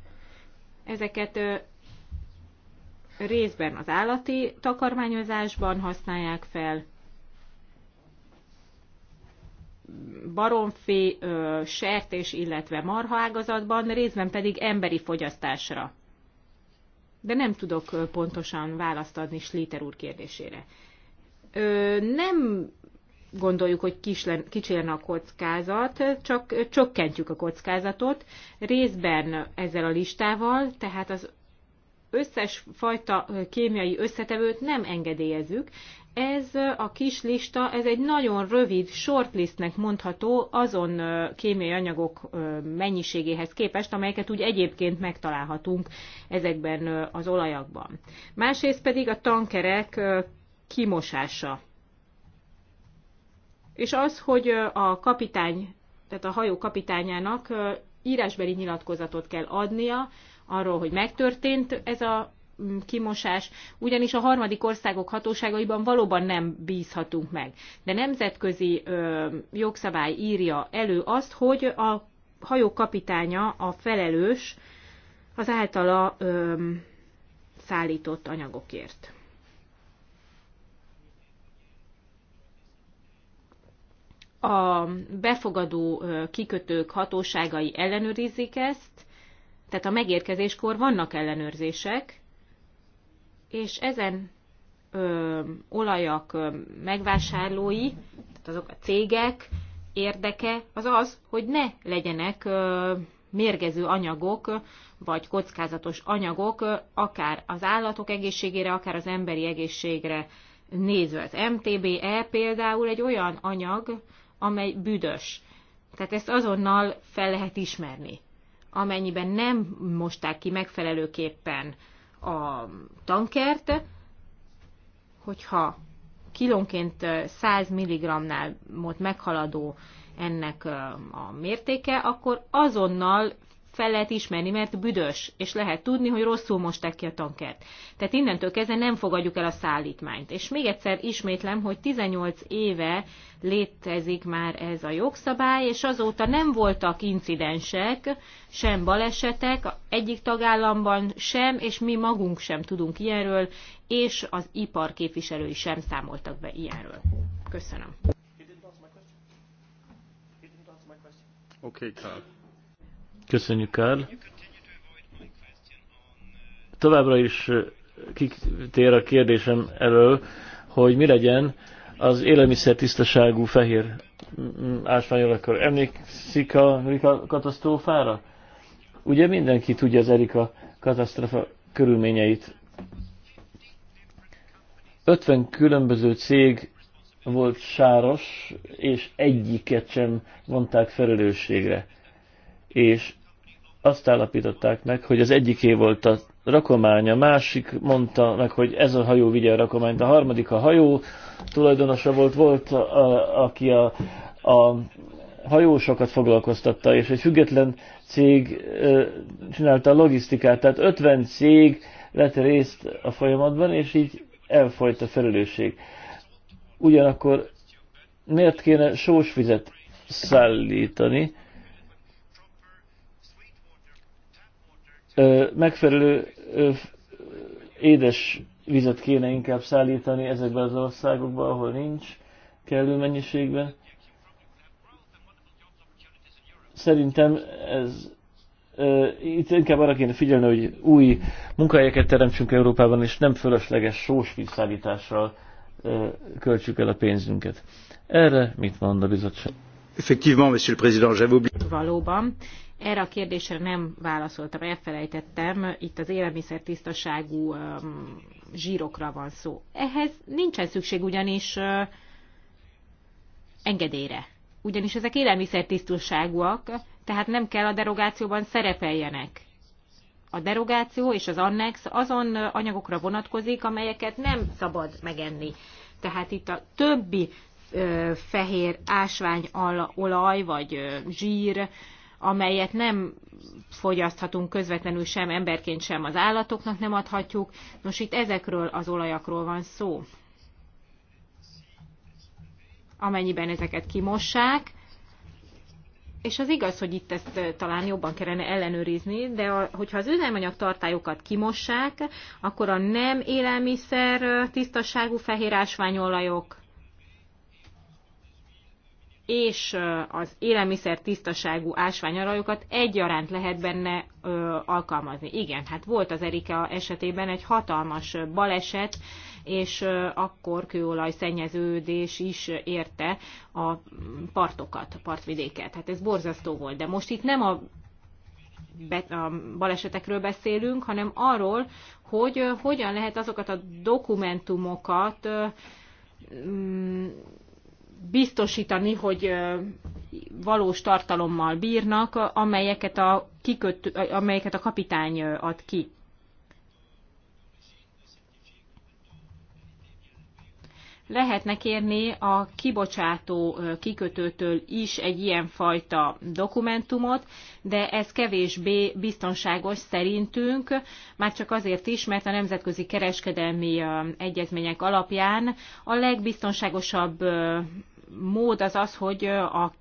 ezeket részben az állati takarmányozásban használják fel, baromfi, sertés, illetve marhaágazatban, részben pedig emberi fogyasztásra. De nem tudok pontosan választ adni Slíter úr kérdésére. Nem gondoljuk, hogy kicsi lenne a kockázat, csak csökkentjük a kockázatot, részben ezzel a listával, tehát az összes fajta kémiai összetevőt nem engedélyezzük, ez a kis lista, ez egy nagyon rövid shortlistnek mondható azon kémiai anyagok mennyiségéhez képest, amelyeket úgy egyébként megtalálhatunk ezekben az olajakban. Másrészt pedig a tankerek kimosása. És az, hogy a kapitány, tehát a hajó kapitányának írásbeli nyilatkozatot kell adnia arról, hogy megtörtént ez a kimosás, ugyanis a harmadik országok hatóságaiban valóban nem bízhatunk meg. De nemzetközi jogszabály írja elő azt, hogy a hajó kapitánya a felelős az általa ö, szállított anyagokért. A befogadó kikötők hatóságai ellenőrizik ezt, tehát a megérkezéskor vannak ellenőrzések, és ezen ö, olajak ö, megvásárlói, tehát azok a cégek érdeke az az, hogy ne legyenek ö, mérgező anyagok, vagy kockázatos anyagok, akár az állatok egészségére, akár az emberi egészségre nézve. Az MTBE például egy olyan anyag, amely büdös. Tehát ezt azonnal fel lehet ismerni. Amennyiben nem mosták ki megfelelőképpen a tankert, hogyha kilónként 100 mg-nál meghaladó ennek a mértéke, akkor azonnal fel lehet ismerni, mert büdös, és lehet tudni, hogy rosszul mosták ki a tankert. Tehát innentől kezdve nem fogadjuk el a szállítmányt. És még egyszer ismétlem, hogy 18 éve létezik már ez a jogszabály, és azóta nem voltak incidensek, sem balesetek egyik tagállamban sem, és mi magunk sem tudunk ilyenről, és az ipar képviselői sem számoltak be ilyenről. Köszönöm. Okay, Carl. Köszönjük, el. Továbbra is eh, kitér a kérdésem elől, hogy mi legyen az élelmiszer tisztaságú fehér mm, mm, akkor Emlékszik a Erika katasztrófára? Ugye mindenki tudja az Erika katasztrófa körülményeit. 50 különböző cég volt sáros, és egyiket sem vonták felelősségre és azt állapították meg, hogy az egyiké volt a rakománya, a másik mondta meg, hogy ez a hajó vigye a rakományt, a harmadik a hajó tulajdonosa volt, volt a, a, aki a, a hajósokat foglalkoztatta, és egy független cég ö, csinálta a logisztikát, tehát 50 cég vett részt a folyamatban, és így elfolyt a felelősség. Ugyanakkor miért kéne sós vizet szállítani, megfelelő édes vizet kéne inkább szállítani ezekbe az országokba, ahol nincs kellő mennyiségben. Szerintem ez itt inkább arra kéne figyelni, hogy új munkahelyeket teremtsünk Európában, és nem fölösleges sós vízszállítással költsük el a pénzünket. Erre mit mond a bizottság? Effectivement, monsieur le président, j'avais oublié. Valóban, erre a kérdésre nem válaszoltam, elfelejtettem, itt az élelmiszer tisztaságú um, zsírokra van szó. Ehhez nincsen szükség ugyanis engedélyre, ugyanis ezek élelmiszer tisztaságúak, tehát nem kell a derogációban szerepeljenek. A derogáció és az annex azon anyagokra vonatkozik, amelyeket nem szabad megenni. Tehát itt a többi fehér ásványolaj vagy zsír amelyet nem fogyaszthatunk közvetlenül sem emberként, sem az állatoknak nem adhatjuk. Nos, itt ezekről az olajakról van szó. Amennyiben ezeket kimossák, és az igaz, hogy itt ezt eh, talán jobban kellene ellenőrizni, de a, hogyha az üzemanyag tartályokat kimossák, akkor a nem élelmiszer eh, tisztaságú fehér ásványolajok, és az élelmiszer tisztaságú ásványolajokat egyaránt lehet benne ö, alkalmazni. Igen, hát volt az Erika esetében egy hatalmas baleset, és ö, akkor szennyeződés is érte a partokat, a partvidéket. Hát ez borzasztó volt, de most itt nem a be, a balesetekről beszélünk, hanem arról, hogy hogyan lehet azokat a dokumentumokat biztosítani, hogy valós tartalommal bírnak, amelyeket a, amelyeket a kapitány ad ki. lehetne kérni a kibocsátó kikötőtől is egy ilyenfajta dokumentumot, de ez kevésbé biztonságos szerintünk, már csak azért is, mert a nemzetközi kereskedelmi egyezmények alapján a legbiztonságosabb mód az az, hogy a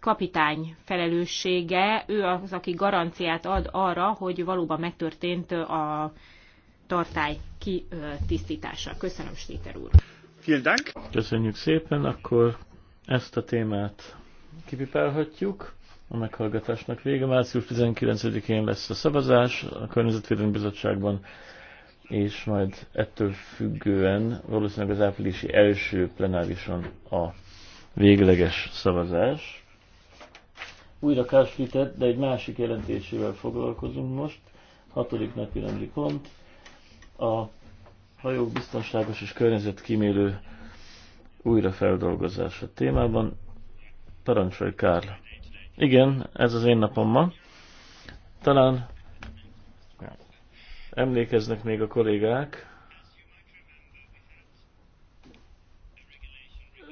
kapitány felelőssége, ő az, aki garanciát ad arra, hogy valóban megtörtént a tartály kitisztítása. Köszönöm, Stéter úr! Köszönjük szépen, akkor ezt a témát kipipálhatjuk. A meghallgatásnak vége. Március 19-én lesz a szavazás a Környezetvédelmi Bizottságban, és majd ettől függően valószínűleg az áprilisi első plenárison a végleges szavazás. Újra Káslitet, de egy másik jelentésével foglalkozunk most, hatodik napi rendi pont, a hajók biztonságos és környezetkímélő újrafeldolgozása témában. Parancsolj, Kárl! Igen, ez az én napom ma. Talán emlékeznek még a kollégák.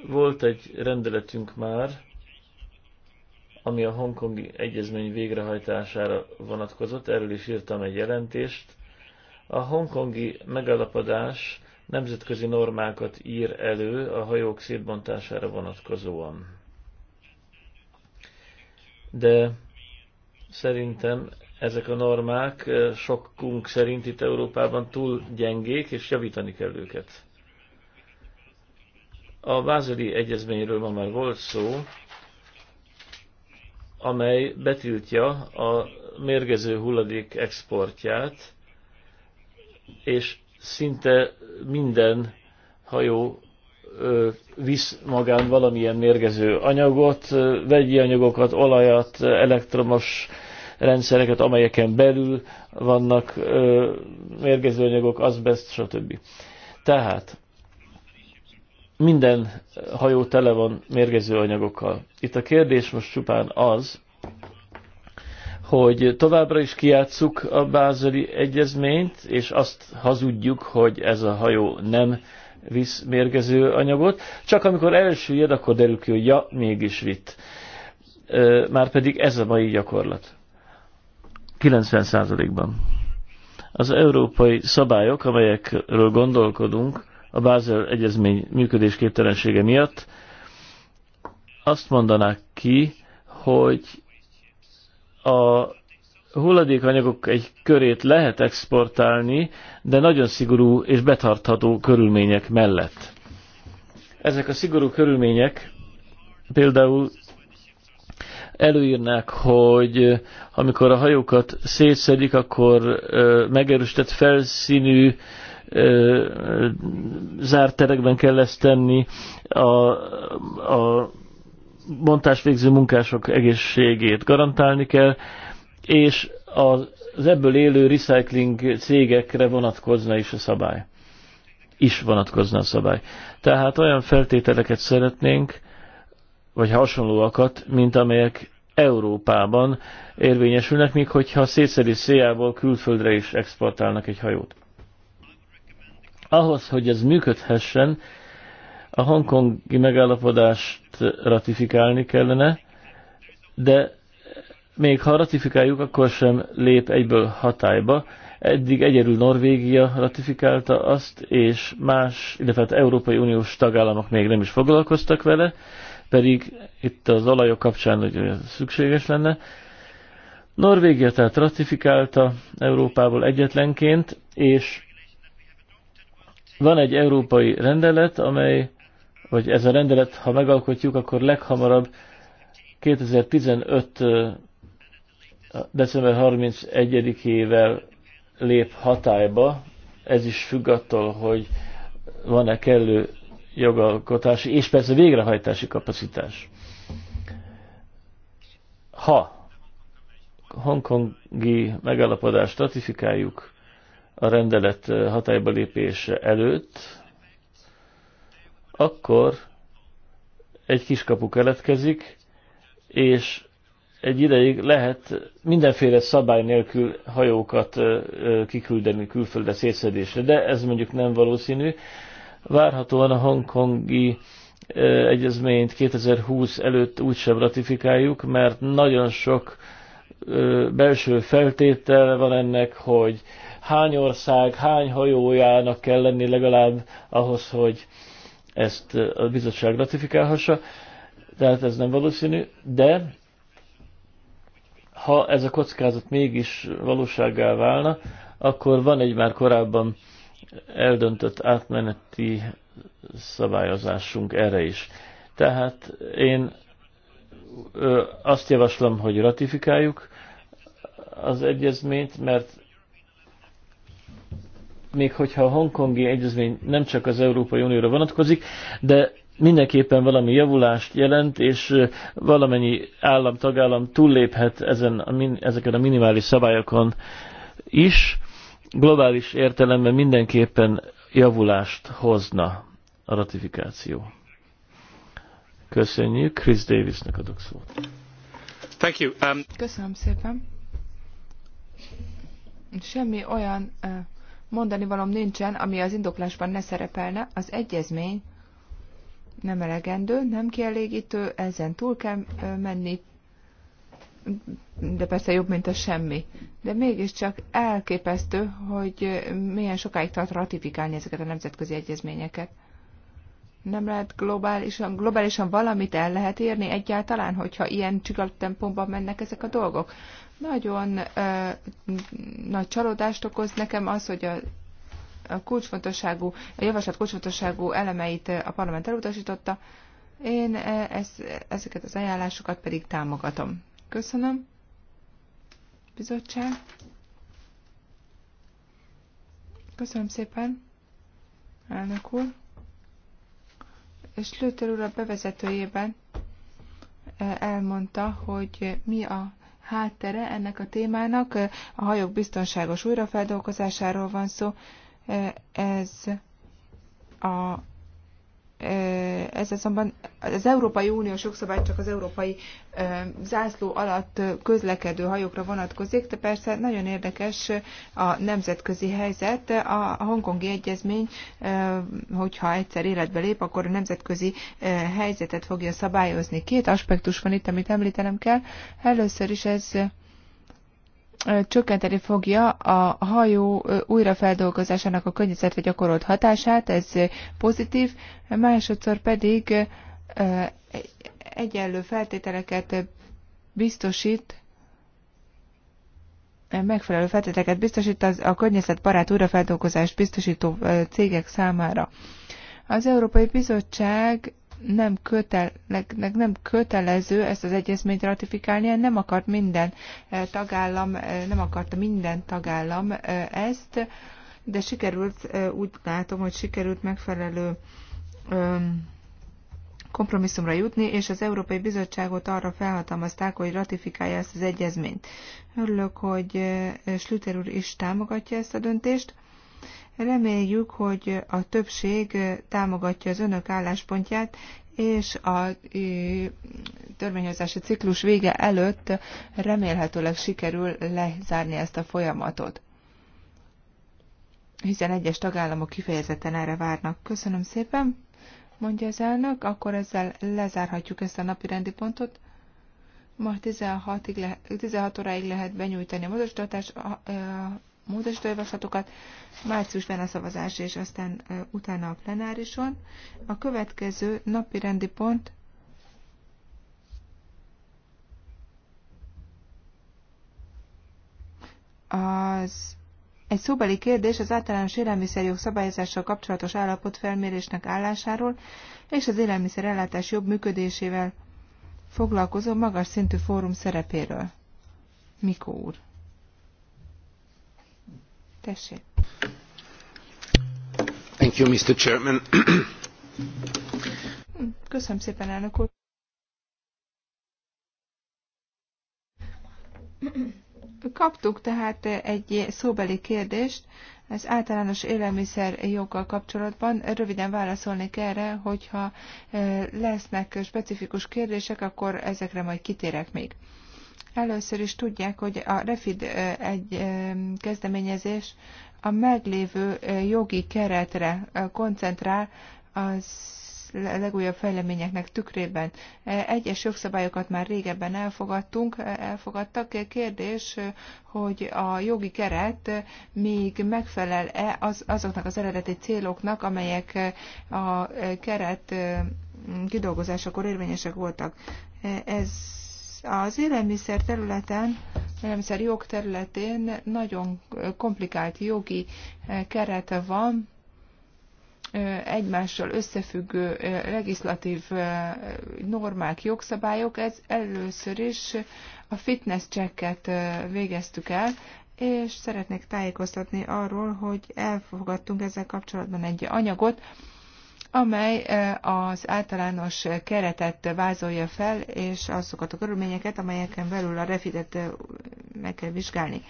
Volt egy rendeletünk már, ami a hongkongi egyezmény végrehajtására vonatkozott, erről is írtam egy jelentést, a hongkongi megalapodás nemzetközi normákat ír elő a hajók szétbontására vonatkozóan. De szerintem ezek a normák eh, sokunk szerint itt Európában túl gyengék, és javítani kell őket. A vázeli Egyezményről ma már volt szó, amely betiltja a mérgező hulladék exportját, és szinte minden hajó visz magán valamilyen mérgező anyagot, vegyi anyagokat, olajat, elektromos rendszereket, amelyeken belül vannak mérgező anyagok, azbest, stb. Tehát minden hajó tele van mérgező anyagokkal. Itt a kérdés most csupán az, hogy továbbra is kiátszuk a bázeli egyezményt, és azt hazudjuk, hogy ez a hajó nem visz mérgező anyagot, csak amikor elsüllyed, akkor derül ki, hogy ja, mégis vitt. Márpedig ez a mai gyakorlat. 90%-ban. Az európai szabályok, amelyekről gondolkodunk a Bázel egyezmény működésképtelensége miatt, azt mondanák ki, hogy a hulladékanyagok egy körét lehet exportálni, de nagyon szigorú és betartható körülmények mellett. Ezek a szigorú körülmények például előírnák, hogy amikor a hajókat szétszedik, akkor megerősített felszínű zárt terekben kell ezt tenni, a, a bontás végző munkások egészségét garantálni kell, és az ebből élő recycling cégekre vonatkozna is a szabály. Is vonatkozna a szabály. Tehát olyan feltételeket szeretnénk, vagy hasonlóakat, mint amelyek Európában érvényesülnek, míg hogyha szétszedi széjából külföldre is exportálnak egy hajót. Ahhoz, hogy ez működhessen, a hongkongi megállapodást ratifikálni kellene, de még ha ratifikáljuk, akkor sem lép egyből hatályba. Eddig egyedül Norvégia ratifikálta azt, és más, illetve hát Európai Uniós tagállamok még nem is foglalkoztak vele, pedig itt az olajok kapcsán hogy szükséges lenne. Norvégia tehát ratifikálta Európából egyetlenként, és van egy európai rendelet, amely hogy ez a rendelet, ha megalkotjuk, akkor leghamarabb 2015. december 31-ével lép hatályba. Ez is függ attól, hogy van-e kellő jogalkotási és persze végrehajtási kapacitás. Ha hongkongi megállapodást ratifikáljuk a rendelet hatályba lépése előtt, akkor egy kiskapu keletkezik, és egy ideig lehet mindenféle szabály nélkül hajókat kiküldeni külföldre szétszedésre, de ez mondjuk nem valószínű. Várhatóan a hongkongi egyezményt 2020 előtt úgysem ratifikáljuk, mert nagyon sok belső feltétel van ennek, hogy hány ország, hány hajójának kell lenni legalább ahhoz, hogy ezt a bizottság ratifikálhassa, tehát ez nem valószínű, de ha ez a kockázat mégis valósággá válna, akkor van egy már korábban eldöntött átmeneti szabályozásunk erre is. Tehát én azt javaslom, hogy ratifikáljuk az egyezményt, mert még hogyha a hongkongi egyezmény nem csak az Európai Unióra vonatkozik, de mindenképpen valami javulást jelent, és valamennyi állam, tagállam túlléphet ezen a min, ezeken a minimális szabályokon is, globális értelemben mindenképpen javulást hozna a ratifikáció. Köszönjük, Chris Davisnek adok szót. Thank you. Um... Köszönöm szépen. Semmi olyan uh, mondani valam nincsen, ami az indoklásban ne szerepelne. Az egyezmény nem elegendő, nem kielégítő, ezen túl kell menni, de persze jobb, mint a semmi. De mégiscsak elképesztő, hogy milyen sokáig tart ratifikálni ezeket a nemzetközi egyezményeket. Nem lehet globálisan, globálisan valamit el lehet érni egyáltalán, hogyha ilyen tempomban mennek ezek a dolgok. Nagyon ö, nagy csalódást okoz nekem az, hogy a a kulcsfontosságú, a javaslat kulcsfontosságú elemeit a parlament elutasította. Én ez, ezeket az ajánlásokat pedig támogatom. Köszönöm. Bizottság. Köszönöm szépen, elnök úr. És Lőter úr a bevezetőjében elmondta, hogy mi a háttere ennek a témának. A hajók biztonságos újrafeldolgozásáról van szó. Ez a ez azonban az Európai Unió jogszabály csak az európai zászló alatt közlekedő hajókra vonatkozik, de persze nagyon érdekes a nemzetközi helyzet. A hongkongi egyezmény, hogyha egyszer életbe lép, akkor a nemzetközi helyzetet fogja szabályozni. Két aspektus van itt, amit említenem kell. Először is ez csökkenteni fogja a hajó újrafeldolgozásának a környezetre gyakorolt hatását, ez pozitív, másodszor pedig egyenlő feltételeket biztosít, megfelelő feltételeket biztosít az a környezetbarát újrafeldolgozást biztosító cégek számára. Az Európai Bizottság nem, kötel, nem kötelező ezt az egyezményt ratifikálni, eh, eh, nem akart minden tagállam, nem eh, akarta minden tagállam ezt, de sikerült, úgy látom, hogy sikerült megfelelő kompromisszumra jutni, és az Európai Bizottságot arra felhatalmazták, hogy ratifikálja ezt az egyezményt. Örülök, hogy Slüter úr is támogatja ezt a döntést. Reméljük, hogy a többség támogatja az önök álláspontját, és a törvényhozási ciklus vége előtt remélhetőleg sikerül lezárni ezt a folyamatot hiszen egyes tagállamok kifejezetten erre várnak. Köszönöm szépen, mondja az elnök, akkor ezzel lezárhatjuk ezt a napi rendi pontot. Ma 16, le, 16 óráig lehet benyújtani a módosítást, javaslatokat. Márciusban a szavazás, és aztán utána a plenárison. A következő napi rendi pont az egy szóbeli kérdés az általános élelmiszerjog szabályozással kapcsolatos állapotfelmérésnek állásáról és az élelmiszerellátás jobb működésével foglalkozó magas szintű fórum szerepéről. Mikó úr. Tessék. Thank you, Mr. Chairman. Köszönöm szépen, elnök úr. Kaptuk tehát egy szóbeli kérdést az általános élelmiszer joggal kapcsolatban. Röviden válaszolnék erre, hogyha eh, lesznek specifikus kérdések, akkor ezekre majd kitérek még. Először is tudják, hogy a REFID egy kezdeményezés a meglévő jogi keretre koncentrál az legújabb fejleményeknek tükrében. Egyes jogszabályokat már régebben elfogadtunk, elfogadtak. Kérdés, hogy a jogi keret még megfelel-e az, azoknak az eredeti céloknak, amelyek a keret kidolgozásakor érvényesek voltak. Ez az élelmiszer területen, élelmiszer jog területén nagyon komplikált jogi eh, kerete van, eh, egymással összefüggő eh, legislatív normák, jogszabályok. Ez először is a fitness checket végeztük el, és szeretnék tájékoztatni arról, hogy elfogadtunk ezzel kapcsolatban egy anyagot, amely eh, az általános keretet vázolja fel, és azokat a körülményeket, amelyeken belül a refidet eh, meg kell vizsgálni.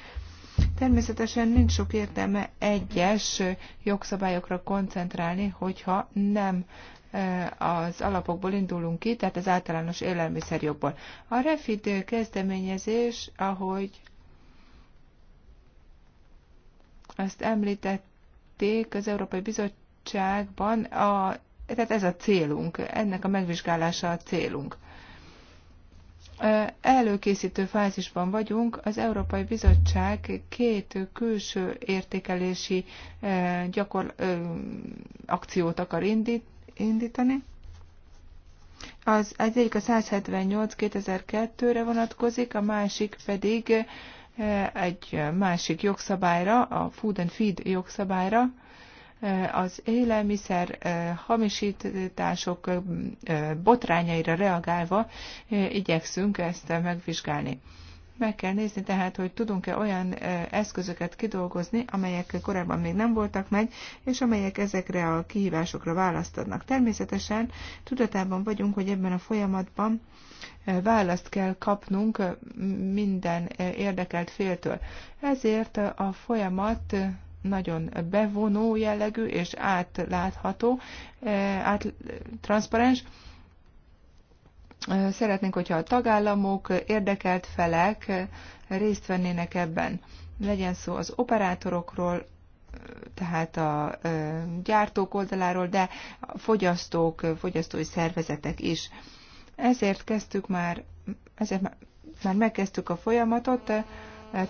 Természetesen nincs sok értelme egyes jogszabályokra koncentrálni, hogyha nem eh, az alapokból indulunk ki, tehát az általános élelmiszerjogból. A refit kezdeményezés, ahogy azt említették, az Európai Bizottság bizottságban, a, tehát ez a célunk, ennek a megvizsgálása a célunk. Előkészítő fázisban vagyunk, az Európai Bizottság két külső értékelési gyakor, akciót akar indít, indítani. Az egyik a 178-2002-re vonatkozik, a másik pedig egy másik jogszabályra, a Food and Feed jogszabályra, Eh, az élelmiszer eh, hamisítások eh, botrányaira reagálva igyekszünk ezt megvizsgálni. Meg kell nézni tehát, hogy tudunk-e olyan eszközöket kidolgozni, amelyek korábban még nem voltak meg, és amelyek ezekre a kihívásokra választ adnak. Természetesen tudatában vagyunk, hogy ebben a folyamatban választ kell kapnunk minden érdekelt féltől. Ezért a folyamat nagyon bevonó jellegű és átlátható, eh, át, transzparens. Eh, szeretnénk, hogyha a tagállamok, érdekelt felek eh, részt vennének ebben. Legyen szó az operátorokról, tehát a gyártók oldaláról, de a fogyasztók, fogyasztói szervezetek is. Ezért kezdtük már, ezért már megkezdtük a folyamatot,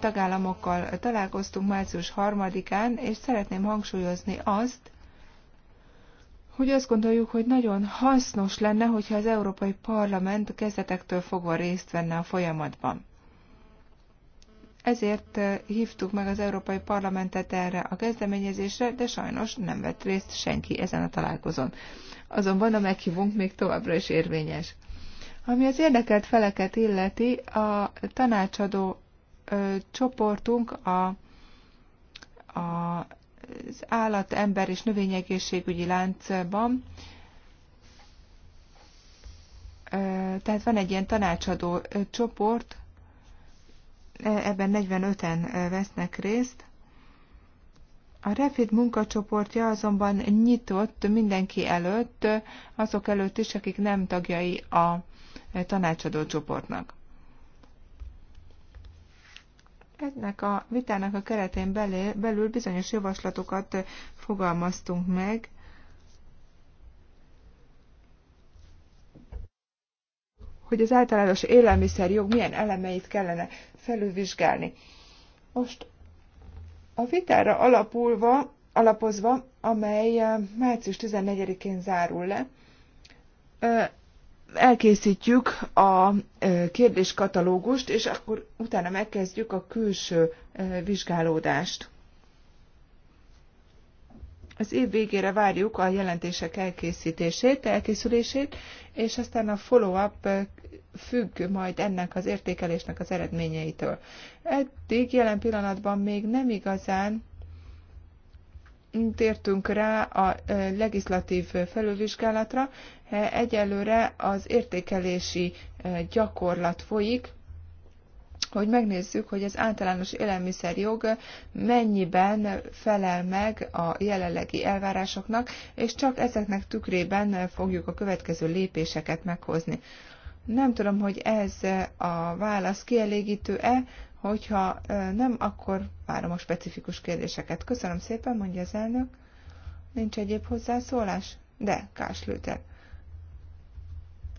tagállamokkal találkoztunk március 3-án, és szeretném hangsúlyozni azt, hogy azt gondoljuk, hogy nagyon hasznos lenne, hogyha az Európai Parlament a kezdetektől fogva részt venne a folyamatban. Ezért eh, hívtuk meg az Európai Parlamentet erre a kezdeményezésre, de sajnos nem vett részt senki ezen a találkozón. Azonban a meghívunk még továbbra is érvényes. Ami az érdekelt feleket illeti, a tanácsadó ö, csoportunk a, a, az állat, ember és növényegészségügyi láncban. Ö, tehát van egy ilyen tanácsadó ö, csoport, e, ebben 45-en vesznek részt. A Refit munkacsoportja azonban nyitott mindenki előtt, azok előtt is, akik nem tagjai a tanácsadó csoportnak. Ennek a vitának a keretén belül bizonyos javaslatokat fogalmaztunk meg, hogy az általános élelmiszerjog milyen elemeit kellene felülvizsgálni. Most a vitára alapulva, alapozva, amely eh, március 14-én zárul le, eh, elkészítjük a kérdéskatalógust, és akkor utána megkezdjük a külső vizsgálódást. Az év végére várjuk a jelentések elkészítését, elkészülését, és aztán a follow-up függ majd ennek az értékelésnek az eredményeitől. Eddig jelen pillanatban még nem igazán tértünk rá a legislatív felülvizsgálatra, Egyelőre az értékelési gyakorlat folyik, hogy megnézzük, hogy az általános élelmiszerjog mennyiben felel meg a jelenlegi elvárásoknak, és csak ezeknek tükrében fogjuk a következő lépéseket meghozni. Nem tudom, hogy ez a válasz kielégítő-e, hogyha nem, akkor várom a specifikus kérdéseket. Köszönöm szépen, mondja az elnök. Nincs egyéb hozzászólás? De, Káslőter.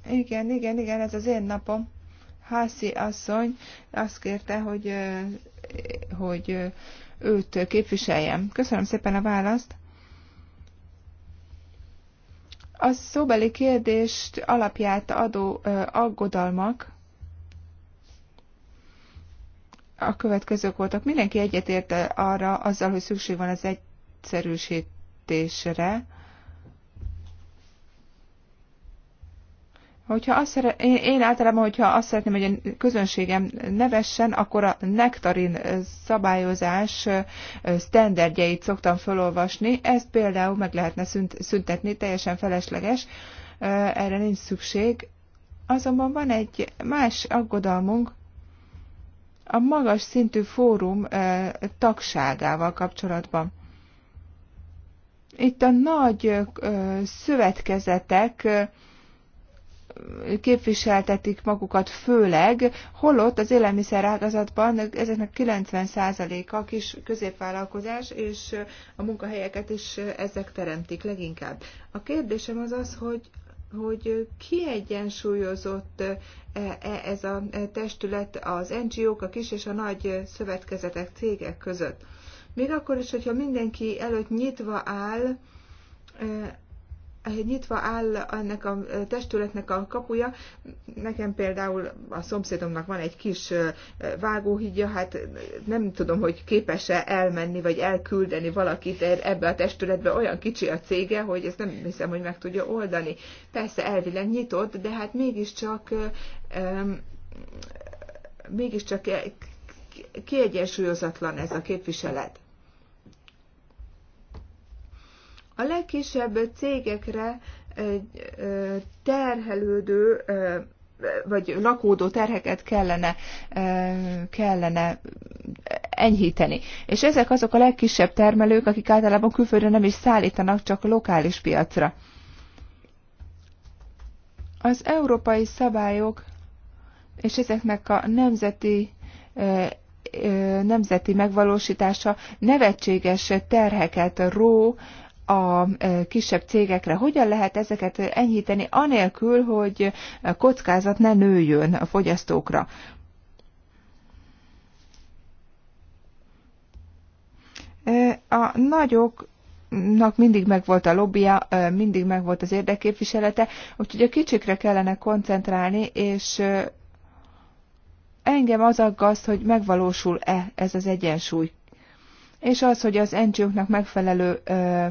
Igen, igen, igen, ez az én napom. Hászi asszony azt kérte, hogy, hogy őt képviseljem. Köszönöm szépen a választ. A szóbeli kérdést alapját adó aggodalmak a következők voltak. Mindenki egyetérte arra azzal, hogy szükség van az egyszerűsítésre, Hogyha azt szere- én, én általában, hogyha azt szeretném, hogy a közönségem nevessen, akkor a nektarin szabályozás standardjait szoktam felolvasni. Ezt például meg lehetne szünt- szüntetni, teljesen felesleges, erre nincs szükség. Azonban van egy más aggodalmunk, a magas szintű fórum tagságával kapcsolatban. Itt a nagy szövetkezetek képviseltetik magukat főleg, holott az élelmiszerágazatban ezeknek 90%-a kis középvállalkozás, és a munkahelyeket is ezek teremtik leginkább. A kérdésem az az, hogy hogy kiegyensúlyozott ez a testület az NGO-k, a kis és a nagy szövetkezetek, cégek között. Még akkor is, hogyha mindenki előtt nyitva áll nyitva áll ennek a testületnek a kapuja. Nekem például a szomszédomnak van egy kis vágóhídja, hát nem tudom, hogy képes-e elmenni, vagy elküldeni valakit er-, ebbe a testületbe. Olyan kicsi a cége, hogy ezt nem hiszem, hogy meg tudja oldani. Persze elvileg nyitott, de hát mégiscsak mégiscsak e-, kiegyensúlyozatlan ez a képviselet. A legkisebb cégekre terhelődő vagy lakódó terheket kellene, kellene enyhíteni. És ezek azok a legkisebb termelők, akik általában külföldre nem is szállítanak, csak a lokális piacra. Az európai szabályok és ezeknek a nemzeti nemzeti megvalósítása nevetséges terheket ró a e, kisebb cégekre. Hogyan lehet ezeket enyhíteni, anélkül, hogy a kockázat ne nőjön a fogyasztókra? E, a nagyok mindig megvolt a lobbia, e, mindig megvolt az érdekképviselete, úgyhogy a kicsikre kellene koncentrálni, és engem az aggaszt, hogy megvalósul-e ez az egyensúly és az, hogy az encsőknek megfelelő ö,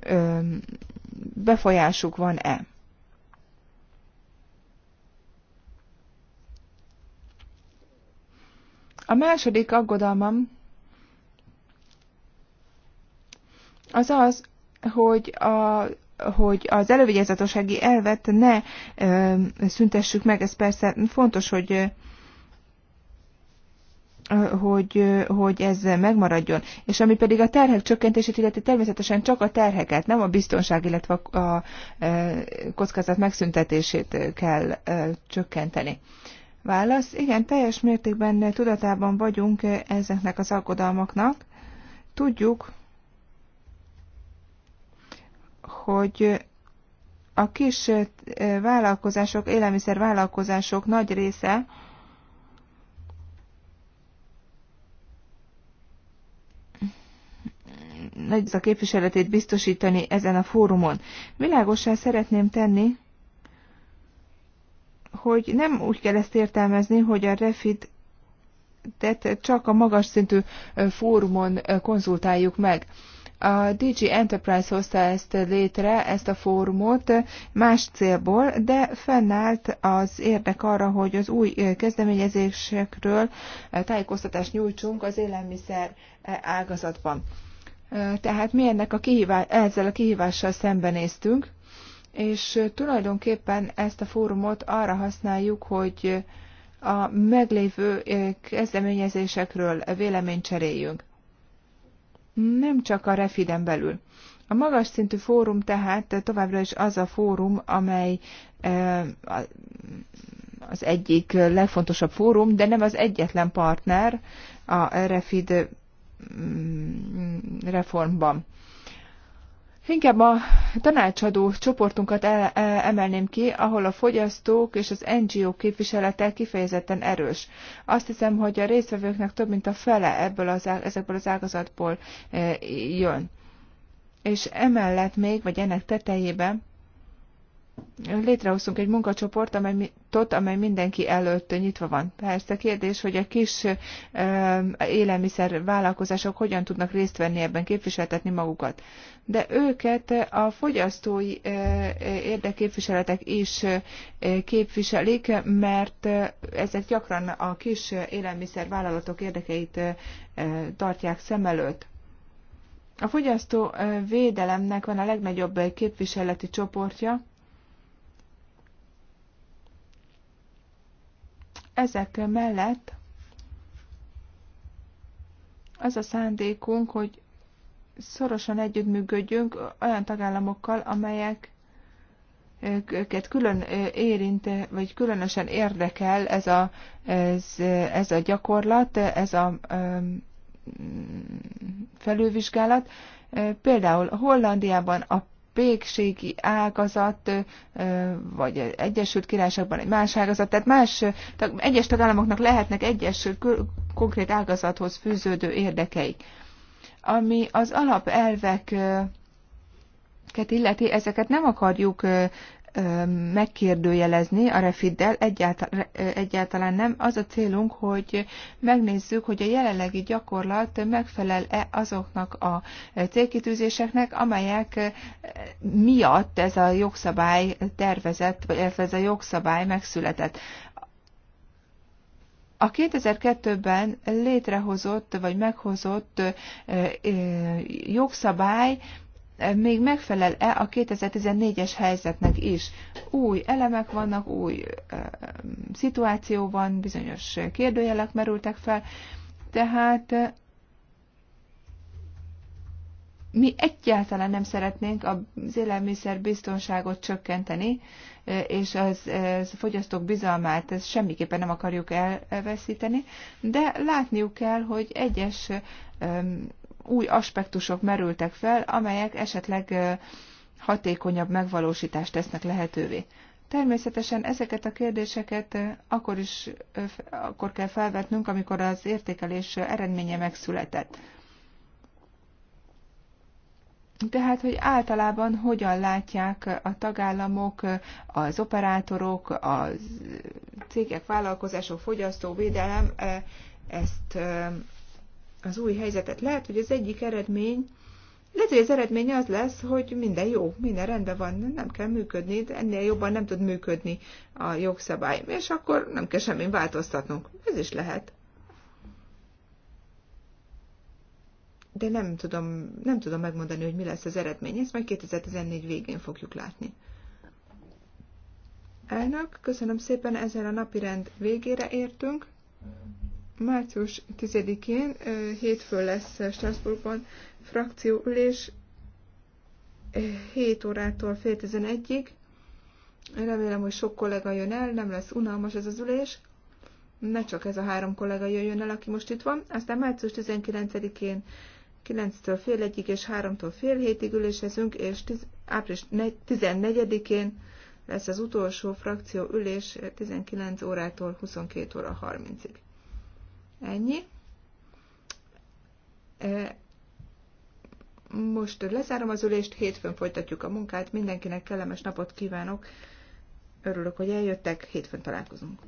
ö, befolyásuk van-e. A második aggodalmam az az, hogy, a, hogy az elővigyázatossági elvet ne ö, szüntessük meg. Ez persze fontos, hogy hogy, hogy ez megmaradjon. És ami pedig a terhek csökkentését illeti, természetesen csak a terheket, nem a biztonság, illetve a e, kockázat megszüntetését kell e, csökkenteni. Válasz, igen, teljes mértékben tudatában vagyunk ezeknek az aggodalmaknak. Tudjuk, hogy a kis e, vállalkozások, élelmiszer vállalkozások nagy része, nagy a képviseletét biztosítani ezen a fórumon. Világosá szeretném tenni, hogy nem úgy kell ezt értelmezni, hogy a refit tehát csak a magas szintű fórumon konzultáljuk meg. A DG Enterprise hozta ezt létre, ezt a fórumot más célból, de fennállt az érdek arra, hogy az új kezdeményezésekről tájékoztatást nyújtsunk az élelmiszer ágazatban. Tehát mi ennek a kihívás, ezzel a kihívással szembenéztünk, és tulajdonképpen ezt a fórumot arra használjuk, hogy a meglévő kezdeményezésekről véleményt cseréljünk. Nem csak a refiden belül. A magas szintű fórum tehát továbbra is az a fórum, amely az egyik legfontosabb fórum, de nem az egyetlen partner a Refid Mm, reformban. Inkább a tanácsadó csoportunkat e, e, emelném ki, ahol a fogyasztók és az NGO képviselete kifejezetten erős. Azt hiszem, hogy a résztvevőknek több mint a fele ebből az, ezekből az ágazatból e, jön. És emellett még, vagy ennek tetejében létrehoztunk egy munkacsoport, amely, tot, amely mindenki előtt nyitva van. Persze kérdés, hogy a kis ö, élelmiszer vállalkozások hogyan tudnak részt venni ebben, képviseltetni magukat. De őket a fogyasztói ö, e, érdekképviseletek is ö, e, képviselik, mert ezek gyakran a kis élelmiszer vállalatok érdekeit ö, e, tartják szem előtt. A fogyasztó védelemnek van a legnagyobb képviseleti csoportja, ezek mellett az a szándékunk, hogy szorosan együttműködjünk olyan tagállamokkal, amelyek eh, őket külön eh, érint, vagy különösen érdekel ez a, ez, ez a gyakorlat, ez a felülvizsgálat. Eh, például Hollandiában a pékségi ágazat, vagy Egyesült Királyságban egy más ágazat, tehát más egyes tagállamoknak lehetnek egyes konkrét ágazathoz fűződő érdekei, Ami az alapelvek illeti, ezeket nem akarjuk megkérdőjelezni a refiddel, egyáltalán, egyáltalán nem. Az a célunk, hogy megnézzük, hogy a jelenlegi gyakorlat megfelel-e azoknak a célkitűzéseknek, amelyek miatt ez a jogszabály tervezett, vagy ez a jogszabály megszületett. A 2002-ben létrehozott vagy meghozott jogszabály még megfelel-e a 2014-es helyzetnek is. Új elemek vannak, új ö, szituáció van, bizonyos kérdőjelek merültek fel, tehát mi egyáltalán nem szeretnénk az élelmiszer biztonságot csökkenteni, és az, az fogyasztók bizalmát ezt semmiképpen nem akarjuk elveszíteni, de látniuk kell, hogy egyes új aspektusok merültek fel, amelyek esetleg hatékonyabb megvalósítást tesznek lehetővé. Természetesen ezeket a kérdéseket akkor is akkor kell felvetnünk, amikor az értékelés eredménye megszületett. Tehát, hogy általában hogyan látják a tagállamok, az operátorok, a cégek, vállalkozások, fogyasztó, védelem ezt az új helyzetet. Lehet, hogy az egyik eredmény, lehet, hogy az eredmény az lesz, hogy minden jó, minden rendben van, nem kell működni, de ennél jobban nem tud működni a jogszabály, és akkor nem kell semmi változtatnunk. Ez is lehet. De nem tudom, nem tudom megmondani, hogy mi lesz az eredmény, ezt majd 2014 végén fogjuk látni. Elnök, köszönöm szépen, ezzel a napirend végére értünk. Március 10-én hétfő lesz Strasbourgban frakcióülés 7 órától fél 11-ig. Remélem, hogy sok kollega jön el, nem lesz unalmas ez az ülés. Ne csak ez a három kollega jöjjön el, aki most itt van. Aztán március 19-én 9-től fél 1-ig és 3-tól fél 7-ig ülésezünk, és 10, április 14-én lesz az utolsó frakció ülés 19 órától 22 óra 30-ig. Ennyi. Most lezárom az ülést, hétfőn folytatjuk a munkát, mindenkinek kellemes napot kívánok, örülök, hogy eljöttek, hétfőn találkozunk.